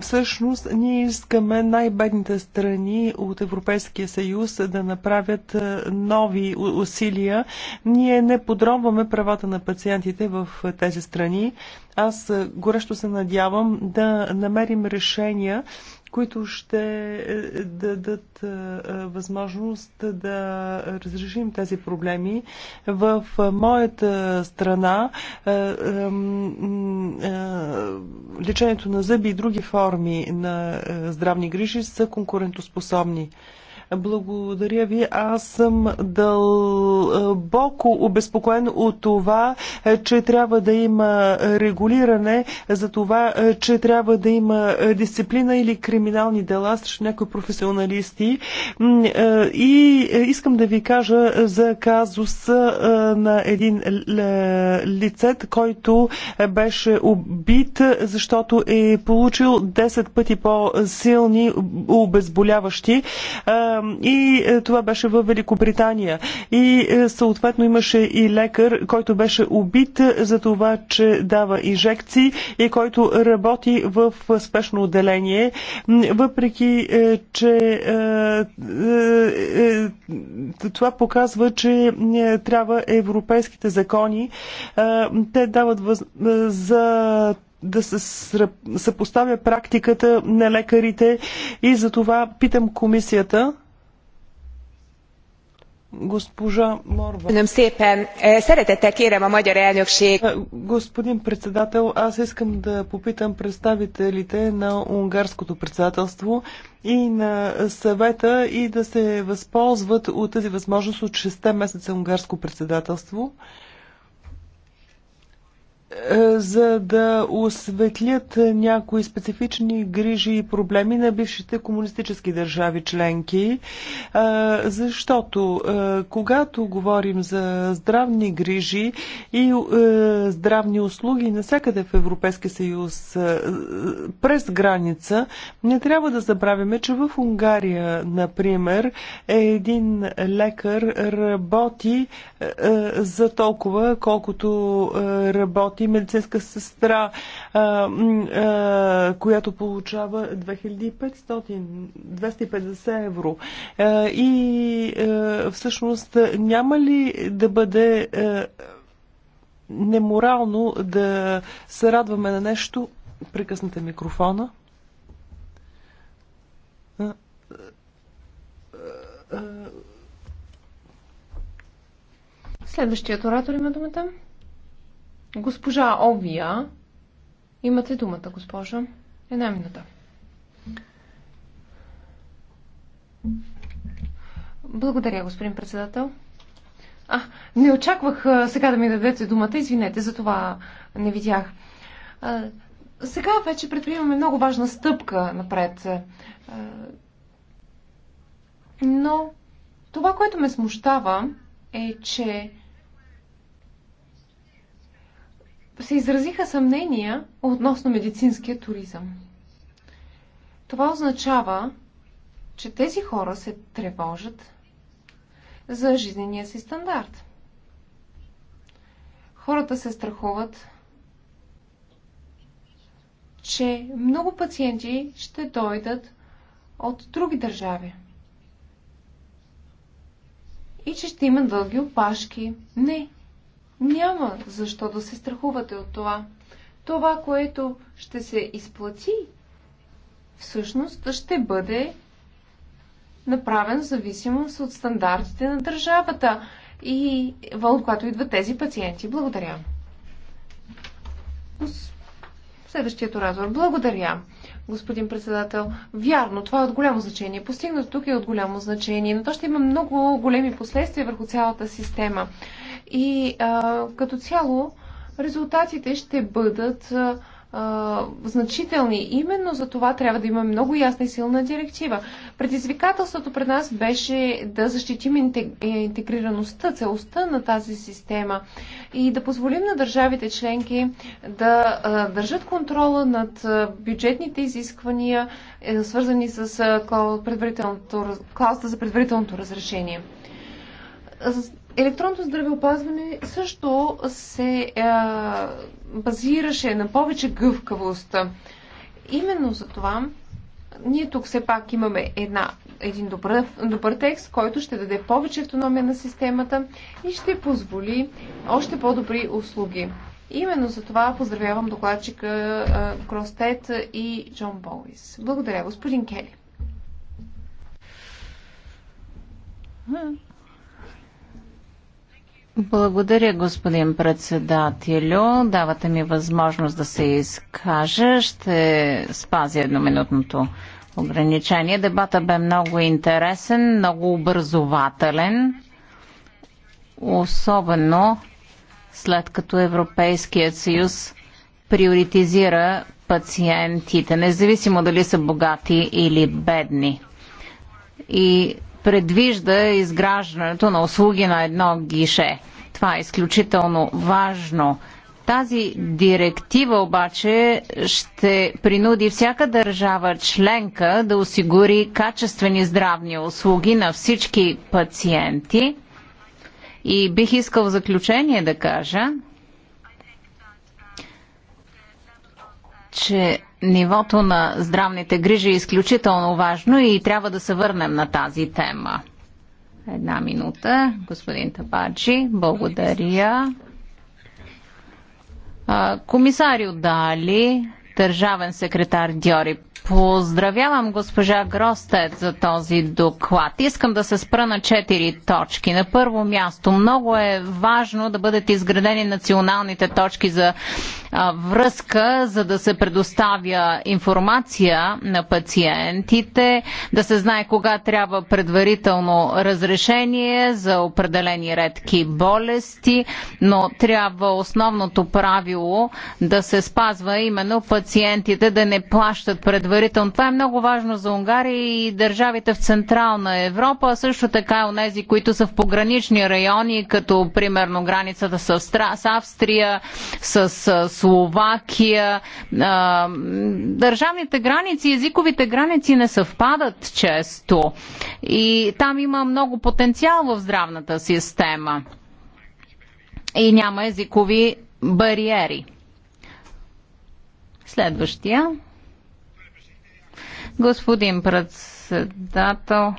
всъщност ние искаме най-бедните страни от Европейския съюз да направят е, нови усилия. Ние не подробваме правата на пациентите в е, тези страни. Аз е, горещо се надявам да намерим решения, които ще е, е, дадат е, възможност да разрешим тези проблеми. В моята страна лечението на зъби и други форми на здравни грижи са конкурентоспособни. Благодаря ви. Аз съм дълбоко обезпокоен от това, е, че трябва да има регулиране, за това, е, че трябва да има е, дисциплина или криминални дела срещу някои професионалисти. И искам да ви кажа за казус на един лицет, който беше убит, защото е получил 10 пъти по-силни обезболяващи. И е, това беше в Великобритания. И е, съответно имаше и лекар, който беше убит е, за това, че дава инжекции и който работи в спешно отделение, въпреки, че това показва, че трябва европейските закони, те дават за да се съпоставя практиката на лекарите и за това питам комисията Госпожа Морва. Е, е, господин председател, аз искам да попитам представителите на унгарското председателство и на съвета и да се възползват от тази възможност от 6 месеца унгарско председателство. Е, за да осветлят някои специфични грижи и проблеми на бившите комунистически държави членки. Е, защото е, когато говорим за здравни грижи и здравни услуги навсякъде в Европейския съюз през граница, не трябва да забравяме, че в Унгария, например, един лекар работи за толкова, колкото работи и медицинска сестра, която получава 2500, 250 евро. И всъщност няма ли да бъде неморално да се радваме на нещо? Прекъсната микрофона. Следващият оратор има думата. Госпожа Овия, имате думата, госпожа. Една минута. Благодаря, господин председател. А, не очаквах а, сега да ми дадете думата. Извинете, за това не видях. А, сега вече предприемаме много важна стъпка напред. А, но това, което ме смущава, е, че се изразиха съмнения относно медицинския туризъм. Това означава, че тези хора се тревожат за жизнения си стандарт. Хората се страхуват, че много пациенти ще дойдат от други държави и че ще има дълги опашки. Не, няма защо да се страхувате от това. Това, което ще се изплати, всъщност ще бъде направен в зависимост от стандартите на държавата и от която идват тези пациенти. Благодаря. Следващият разговор, Благодаря, господин председател. Вярно, това е от голямо значение. Постигнато тук е от голямо значение, но то ще има много големи последствия върху цялата система. И а, като цяло резултатите ще бъдат а, значителни. Именно за това трябва да имаме много ясна и силна директива. Предизвикателството пред нас беше да защитим е, интегрираността, целостта на тази система и да позволим на държавите членки да а, държат контрола над бюджетните изисквания, е, свързани с клаузата за предварителното разрешение електронното здравеопазване също се а, базираше на повече гъвкавост. Именно за това ние тук все пак имаме една, един добър, добър текст, който ще даде повече автономия на системата и ще позволи още по-добри услуги. Именно за това поздравявам докладчика Кростет и Джон Боуис. Благодаря, господин Кели. Благодаря, господин председателю. Давате ми възможност да се изкажа. Ще спазя едноминутното ограничение. Дебата бе много интересен, много образователен, особено след като Европейският съюз приоритизира пациентите, независимо дали са богати или бедни. И предвижда изграждането на услуги на едно гише. Това е изключително важно. Тази директива обаче ще принуди всяка държава членка да осигури качествени здравни услуги на всички пациенти. И бих искал в заключение да кажа, че нивото на здравните грижи е изключително важно и трябва да се върнем на тази тема. Една минута, господин Табаджи. Благодаря. Комисарио Дали, държавен секретар Дьори Поздравявам госпожа Гростет за този доклад. Искам да се спра на четири точки. На първо място, много е важно да бъдат изградени националните точки за а, връзка, за да се предоставя информация на пациентите, да се знае кога трябва предварително разрешение за определени редки болести, но трябва основното правило да се спазва именно пациентите да не плащат предварително предварително. Това е много важно за Унгария и държавите в Централна Европа, а също така и онези, които са в погранични райони, като примерно границата с, Австра... с Австрия, с Словакия. Държавните граници, езиковите граници не съвпадат често и там има много потенциал в здравната система и няма езикови бариери. Следващия. Господин председател,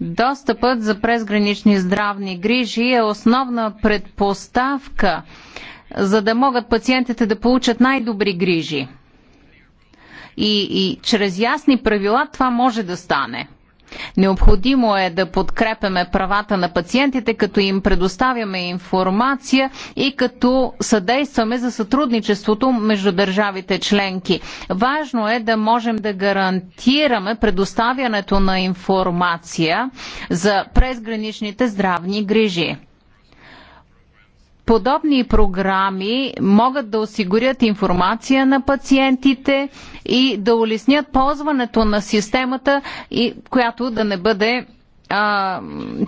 достъпът за презгранични здравни грижи е основна предпоставка, за да могат пациентите да получат най-добри грижи. И, и чрез ясни правила това може да стане. Необходимо е да подкрепяме правата на пациентите, като им предоставяме информация и като съдействаме за сътрудничеството между държавите членки. Важно е да можем да гарантираме предоставянето на информация за презграничните здравни грижи. Подобни програми могат да осигурят информация на пациентите и да улеснят ползването на системата, която да не бъде а,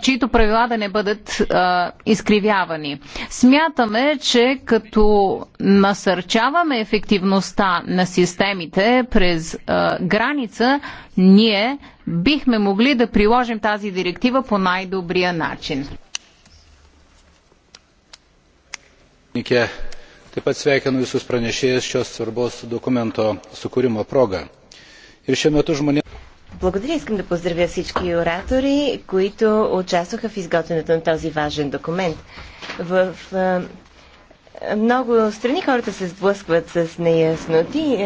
чието правила да не бъдат а, изкривявани. Смятаме, че като насърчаваме ефективността на системите през а, граница, ние бихме могли да приложим тази директива по най-добрия начин. taip pat sveikinu visus pranešėjus šio svarbaus dokumento sukūrimo proga. Ir šiuo metu žmonėms. Благодаря. Искам да поздравя всички оратори, които участваха в изготвянето на този важен документ. В много страни хората се сблъскват с неясноти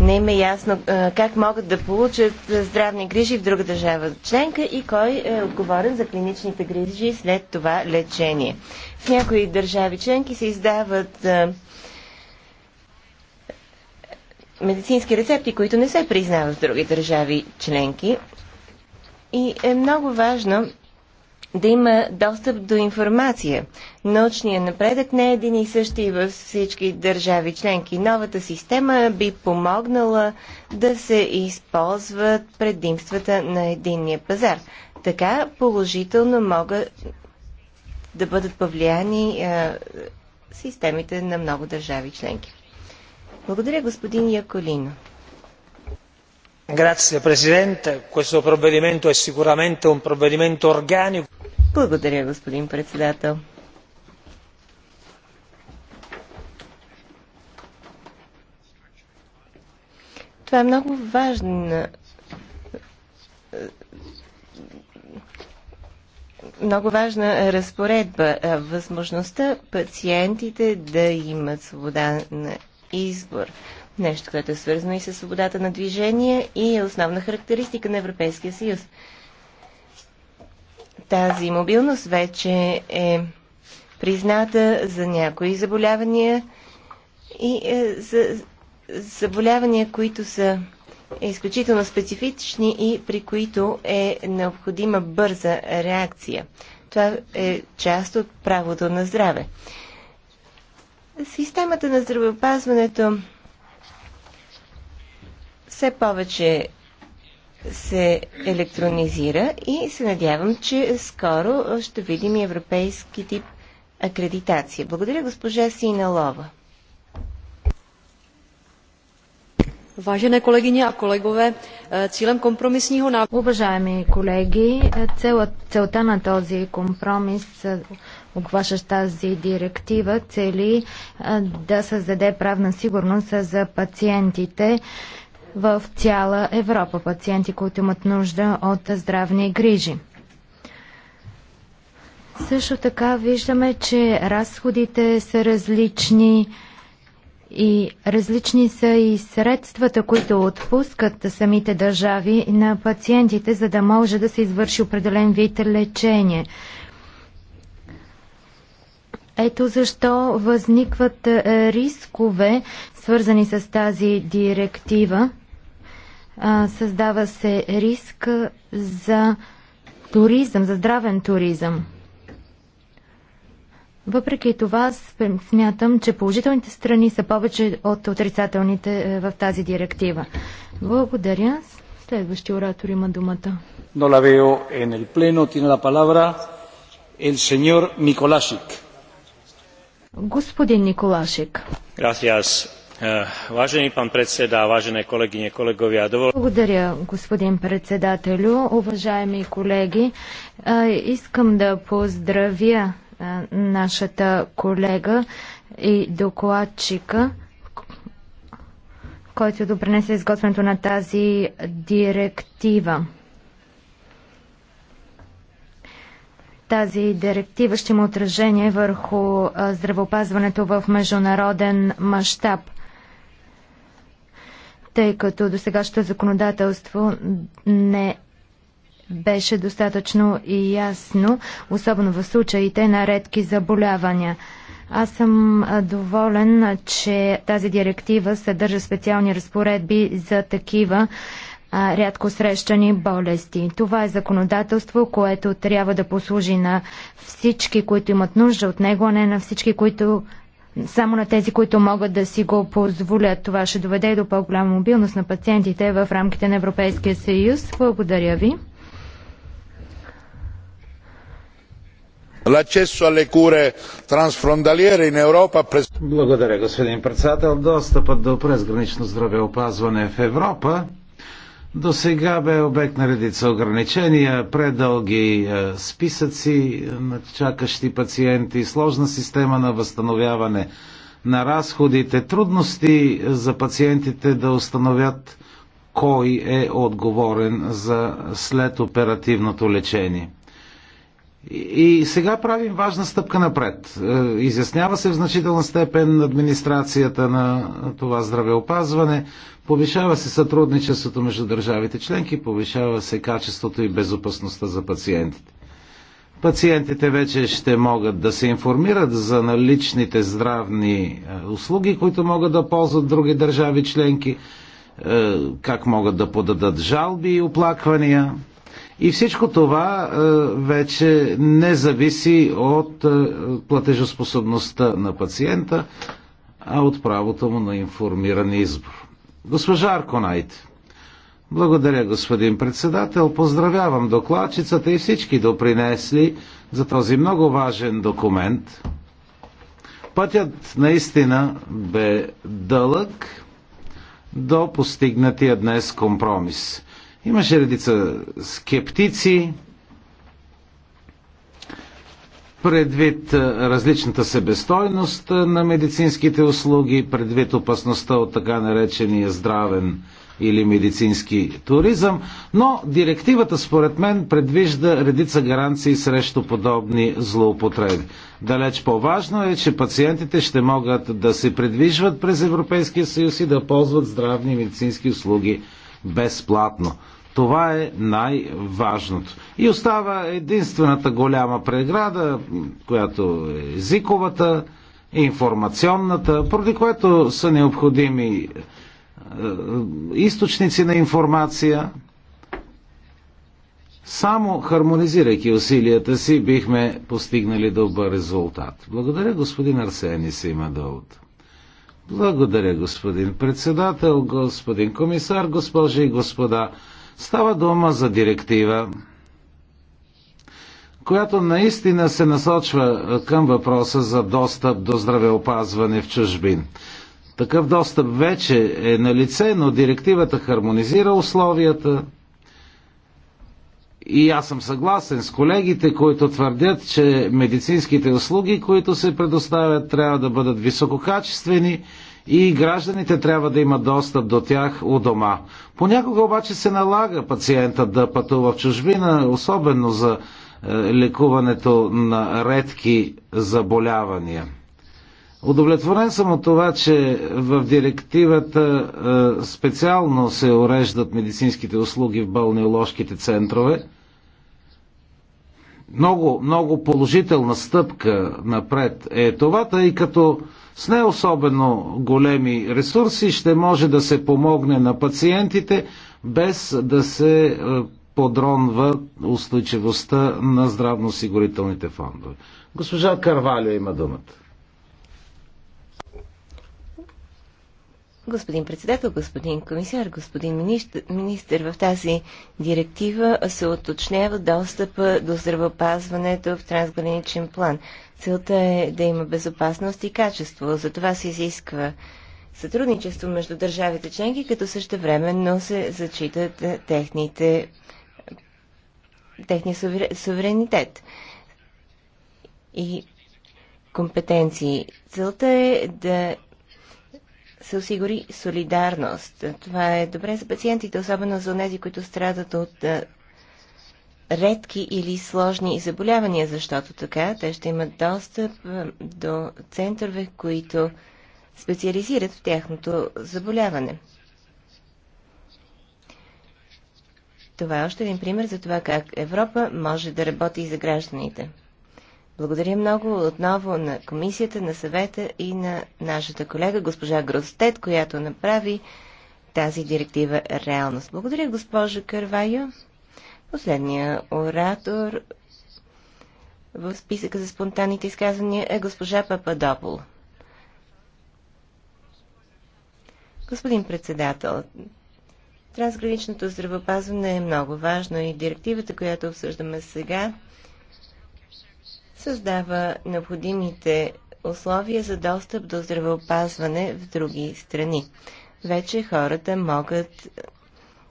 не им е ясно как могат да получат здравни грижи в друга държава членка и кой е отговорен за клиничните грижи след това лечение. В някои държави членки се издават медицински рецепти, които не се признават в други държави членки. И е много важно да има достъп до информация. Научният напредък не е един и същи във всички държави членки. Новата система би помогнала да се използват предимствата на единния пазар. Така положително могат да бъдат повлияни а, е, системите на много държави членки. Благодаря, господин Яколино. Grazie Presidente, questo provvedimento è sicuramente un provvedimento organico. Благодаря, господин председател. Това е много важна много важна разпоредба. Възможността пациентите да имат свобода на избор. Нещо, което е свързано и с свободата на движение и е основна характеристика на Европейския съюз тази мобилност вече е призната за някои заболявания и е, за заболявания, които са изключително специфични и при които е необходима бърза реакция. Това е част от правото на здраве. Системата на здравеопазването все повече се електронизира и се надявам, че скоро ще видим и европейски тип акредитация. Благодаря госпожа Синалова. Уважаеми колеги, целта на този компромис, обхващащ тази директива, цели да създаде правна сигурност за пациентите, в цяла Европа пациенти, които имат нужда от здравни грижи. Също така виждаме, че разходите са различни и различни са и средствата, които отпускат самите държави на пациентите, за да може да се извърши определен вид лечение. Ето защо възникват е, рискове, свързани с тази директива. Създава се риск за туризъм, за здравен туризъм. Въпреки това, смятам, че положителните страни са повече от отрицателните е, в тази директива. Благодаря. Следващия оратор има думата. No la veo en el pleno. Tiene la palabra el señor Mikolasik. Господин Николашик. Е, Благодаря, господин председателю. Уважаеми колеги, е, искам да поздравя е, нашата колега и докладчика, който допринесе изготвянето на тази директива. Тази директива ще има отражение върху здравеопазването в международен мащаб тъй като до досегашното законодателство не беше достатъчно и ясно, особено в случаите на редки заболявания. Аз съм доволен, че тази директива съдържа специални разпоредби за такива а, рядко срещани болести. Това е законодателство, което трябва да послужи на всички, които имат нужда от него, а не на всички, които само на тези, които могат да си го позволят. Това ще доведе до по-голяма мобилност на пациентите в рамките на Европейския съюз. Благодаря ви. Благодаря, господин председател. Достъпът до презгранично здравеопазване в Европа до сега бе обект на редица ограничения, предълги е, списъци на чакащи пациенти, сложна система на възстановяване на разходите, трудности за пациентите да установят кой е отговорен за следоперативното лечение. И сега правим важна стъпка напред. Е, изяснява се в значителна степен администрацията на това здравеопазване, повишава се сътрудничеството между държавите членки, повишава се качеството и безопасността за пациентите. Пациентите вече ще могат да се информират за наличните здравни е, услуги, които могат да ползват други държави членки, е, как могат да подадат жалби и оплаквания и всичко това е, вече не зависи от е, платежоспособността на пациента, а от правото му на информиран избор. Госпожа Арконайте. Благодаря, господин председател. Поздравявам докладчицата и всички допринесли за този много важен документ. Пътят наистина бе дълъг до постигнатия днес компромис. Имаше редица скептици предвид различната себестойност на медицинските услуги, предвид опасността от така наречения здравен или медицински туризъм, но директивата според мен предвижда редица гаранции срещу подобни злоупотреби. Далеч по-важно е, че пациентите ще могат да се придвижват през Европейския съюз и да ползват здравни медицински услуги безплатно. Това е най-важното. И остава единствената голяма преграда, която е езиковата, информационната, поради което са необходими е, източници на информация. Само хармонизирайки усилията си, бихме постигнали добър резултат. Благодаря, господин Арсенис има Благодаря, господин председател, господин комисар, госпожи и господа. Става дума за директива, която наистина се насочва към въпроса за достъп до здравеопазване в чужбин. Такъв достъп вече е на лице, но директивата хармонизира условията. И аз съм съгласен с колегите, които твърдят, че медицинските услуги, които се предоставят, трябва да бъдат висококачествени и гражданите трябва да имат достъп до тях у дома. Понякога обаче се налага пациента да пътува в чужбина, особено за е, лекуването на редки заболявания. Удовлетворен съм от това, че в директивата е, специално се уреждат медицинските услуги в балнеоложките центрове – много, много положителна стъпка напред е това, тъй като с не особено големи ресурси ще може да се помогне на пациентите без да се е, подронва устойчивостта на здравноосигурителните фондове. Госпожа Карвалия има думата. Господин председател, господин комисар, господин министр, министр, в тази директива се оточнява достъпа до здравеопазването в трансграничен план. Целта е да има безопасност и качество. За това се изисква сътрудничество между държавите членки, като същевременно се зачитат е, техните, техния суверенитет и компетенции. Целта е да се осигури солидарност. Това е добре за пациентите, особено за тези, които страдат от редки или сложни заболявания, защото така те ще имат достъп до центрове, които специализират в тяхното заболяване. Това е още един пример за това как Европа може да работи и за гражданите. Благодаря много отново на комисията, на съвета и на нашата колега госпожа Гростет, която направи тази директива реалност. Благодаря госпожа Карвайо. Последния оратор в списъка за спонтанните изказвания е госпожа Пападопол. Господин председател, трансграничното здравеопазване е много важно и директивата, която обсъждаме сега, създава необходимите условия за достъп до здравеопазване в други страни. Вече хората могат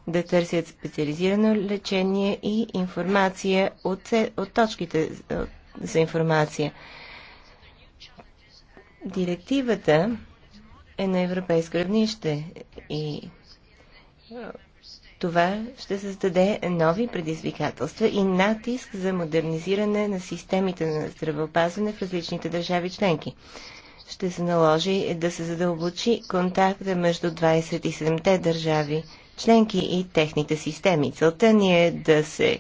да търсят специализирано лечение и информация от, от точките за информация. Директивата е на европейско равнище и това ще създаде нови предизвикателства и натиск за модернизиране на системите на здравеопазване в различните държави членки. Ще се наложи да се задълбочи контакта между 27-те държави членки и техните системи. Целта ни е да се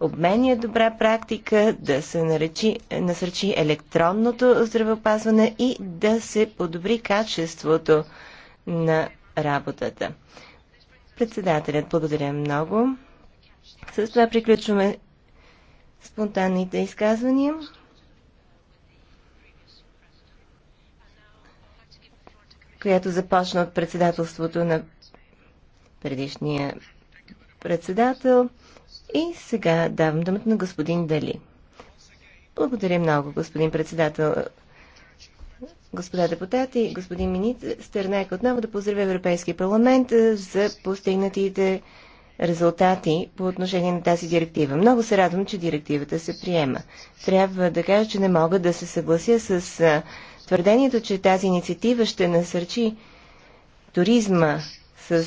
обменя добра практика, да се наречи, насърчи електронното здравеопазване и да се подобри качеството на работата. Председателят, благодаря много. С това приключваме спонтанните изказвания. която започна от председателството на предишния председател. И сега давам думата на господин Дали. Благодаря много, господин председател господа депутати, господин министър, нека отново да поздравя Европейския парламент е, за постигнатите резултати по отношение на тази директива. Много се радвам, че директивата се приема. Трябва да кажа, че не мога да се съглася с е, твърдението, че тази инициатива ще насърчи туризма с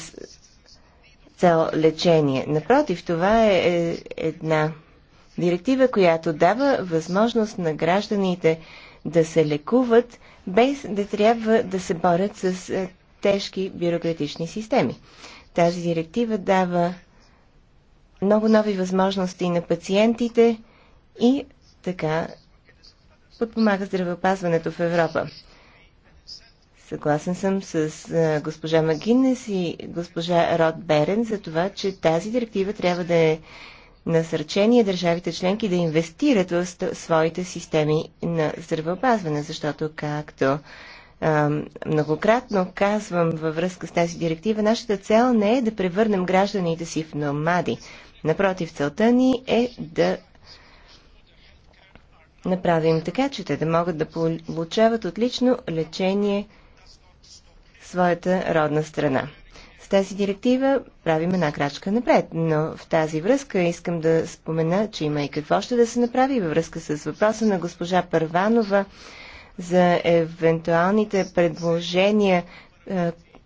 цел лечение. Напротив, това е, е една директива, която дава възможност на гражданите да се лекуват, без да трябва да се борят с е, тежки бюрократични системи. Тази директива дава много нови възможности на пациентите и така подпомага здравеопазването в Европа. Съгласен съм с е, госпожа Магинес и госпожа Род Берен за това, че тази директива трябва да е насърчение държавите членки да инвестират в своите системи на здравеопазване, защото както многократно казвам във връзка с тази директива, нашата цел не е да превърнем гражданите си в номади. Напротив, целта ни е да направим така, че те да могат да получават отлично лечение в своята родна страна тази директива правим една крачка напред. Но в тази връзка искам да спомена, че има и какво ще да се направи във връзка с въпроса на госпожа Първанова за евентуалните предложения,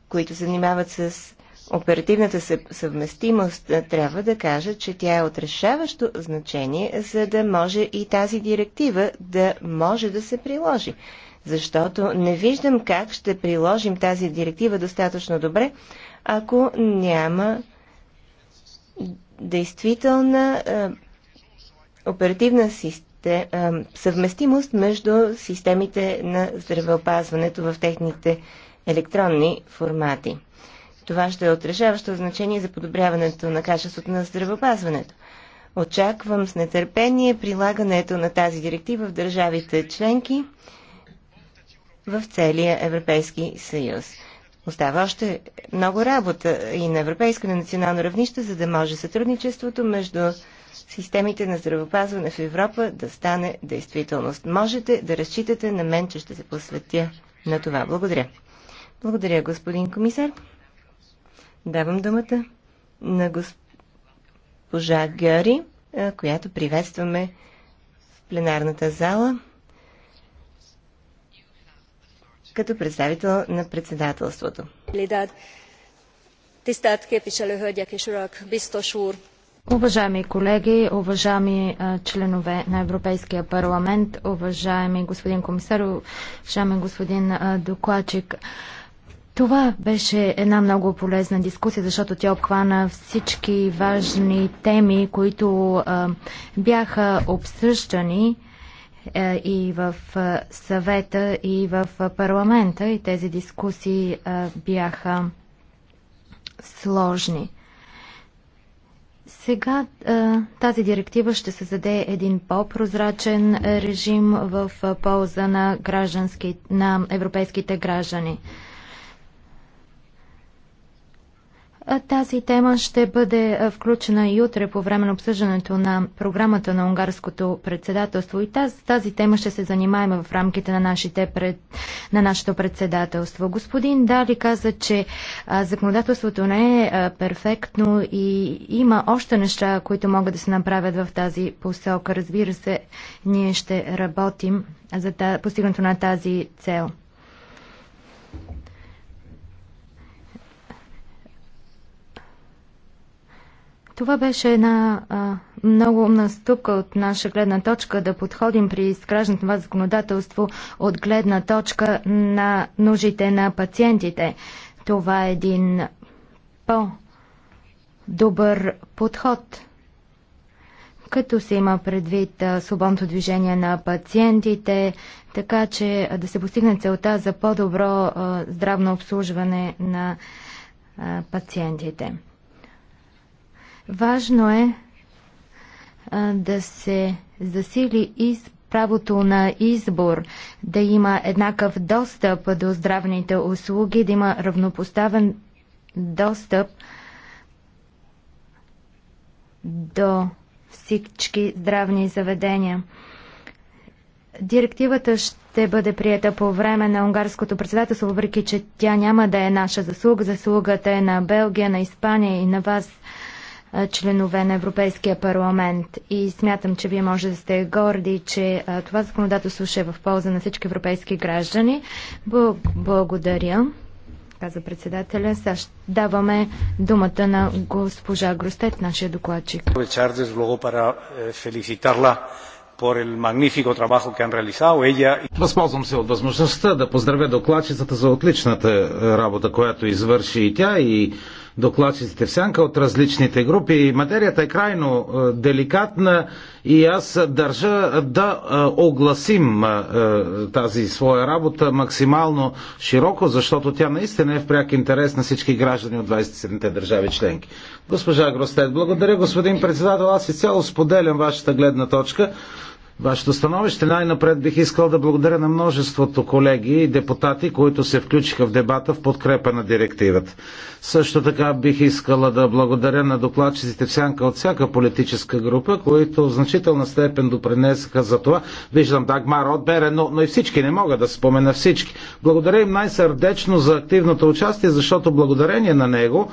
които се занимават с оперативната съвместимост е, трябва да кажа, че тя е отрешаващо значение, за да може и тази директива да може да се приложи. Защото не виждам как ще приложим тази директива достатъчно добре, ако няма действителна е, оперативна е, съвместимост между системите на здравеопазването в техните електронни формати. Това ще е отрешаващо значение за подобряването на качеството на здравеопазването. Очаквам с нетърпение прилагането на тази директива в държавите членки в целия Европейски съюз. Остава още много работа и на европейско и на национално равнище, за да може сътрудничеството между системите на здравеопазване в Европа да стане действителност. Можете да разчитате на мен, че ще се посветя на това. Благодаря. Благодаря, господин комисар. Давам думата на госпожа Гъри, която приветстваме в пленарната зала като представител на председателството. Уважаеми колеги, уважаеми членове на Европейския парламент, уважаеми господин комисар, уважаеми господин докладчик, това беше една много полезна дискусия, защото тя обхвана всички важни теми, които а, бяха обсъждани а, и в а, съвета, и в а, парламента, и тези дискусии а, бяха сложни. Сега тази директива ще създаде един по-прозрачен режим в полза на, на европейските граждани. Тази тема ще бъде включена и утре по време на обсъждането на програмата на унгарското председателство и тази, тази тема ще се занимаем в рамките на, нашите пред, на нашето председателство. Господин Дали каза, че а, законодателството не е а, перфектно и има още неща, които могат да се направят в тази посока. Разбира се, ние ще работим за та, постигането на тази цел. Това беше една а, много умна стъпка от наша гледна точка да подходим при изграждането на законодателство от гледна точка на нуждите на пациентите. Това е един по-добър подход, като се има предвид свободното движение на пациентите, така че да се постигне целта за по-добро здравно обслужване на пациентите. Важно е а, да се засили и правото на избор, да има еднакъв достъп до здравните услуги, да има равнопоставен достъп до всички здравни заведения. Директивата ще бъде прията по време на унгарското председателство, въпреки че тя няма да е наша заслуга. Заслугата е на Белгия, на Испания и на вас, членове на Европейския парламент. И смятам, че вие може да сте горди, че това законодателство ще е в полза на всички европейски граждани. Благодаря, каза председателя. Сега даваме думата на госпожа Гростет, нашия докладчик. Э, Възползвам се от възможността да поздравя докладчицата за отличната э, работа, която извърши и тя и докладчиците в сянка от различните групи. Материята е крайно е, деликатна и аз държа да е, огласим е, тази своя работа максимално широко, защото тя наистина е в пряк интерес на всички граждани от 27-те държави членки. Госпожа Гростет, благодаря господин председател. Аз изцяло споделям вашата гледна точка вашето становище. Най-напред бих искал да благодаря на множеството колеги и депутати, които се включиха в дебата в подкрепа на директивата. Също така бих искала да благодаря на докладчиците всяка сянка от всяка политическа група, които в значителна степен допринесаха за това. Виждам Дагмар Отбере, но, но и всички, не мога да спомена всички. Благодаря им най-сърдечно за активното участие, защото благодарение на него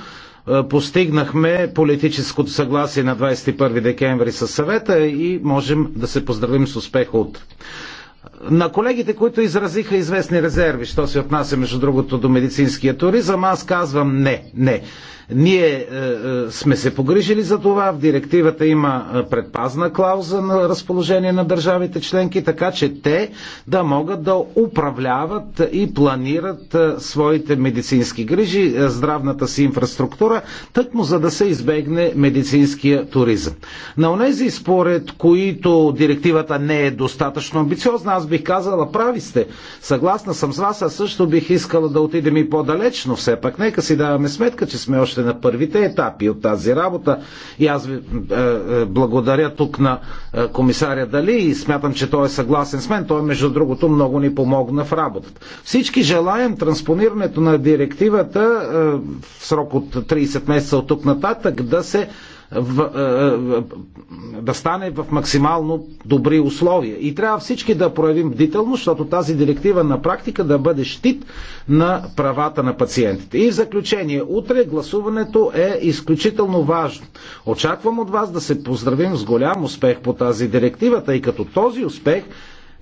е, постигнахме политическото съгласие на 21 декември със съвета и можем да се поздравим с успеха от на колегите, които изразиха известни резерви, що се отнася, между другото, до медицинския туризъм, аз казвам не, не. Ние е, е сме се погрижили за това. В директивата има е, предпазна клауза на разположение на държавите членки, така че те да могат да управляват и планират е, своите медицински грижи, здравната си инфраструктура, тъкмо за да се избегне медицинския туризъм. На онези, според които директивата не е достатъчно амбициозна, аз бих казала, прави сте. Съгласна съм с вас, аз също бих искала да отидем и по-далеч, но все пак нека си даваме сметка, че сме още на първите етапи от тази работа. И аз ви е, е, благодаря тук на е, комисаря Дали и смятам, че той е съгласен с мен. Той, между другото, много ни помогна в работата. Всички желаем транспонирането на директивата в срок от 30 месеца от тук нататък да се в, е, е, да стане в максимално добри условия. И трябва всички да проявим бдителност, защото тази директива на практика да бъде щит на правата на пациентите. И в заключение, утре гласуването е изключително важно. Очаквам от вас да се поздравим с голям успех по тази директива, тъй като този успех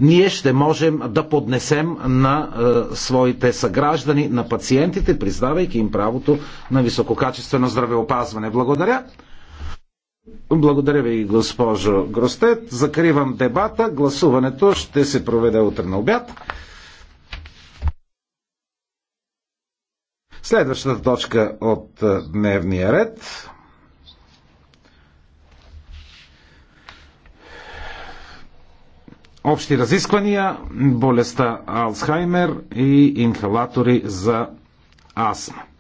ние ще можем да поднесем на е, своите съграждани, на пациентите, признавайки им правото на висококачествено здравеопазване. Благодаря. Благодаря ви, госпожо Гростет. Закривам дебата. Гласуването ще се проведе утре на обяд. Следващата точка от е, дневния ред. Общи разисквания, болестта Алцхаймер и инхалатори за астма.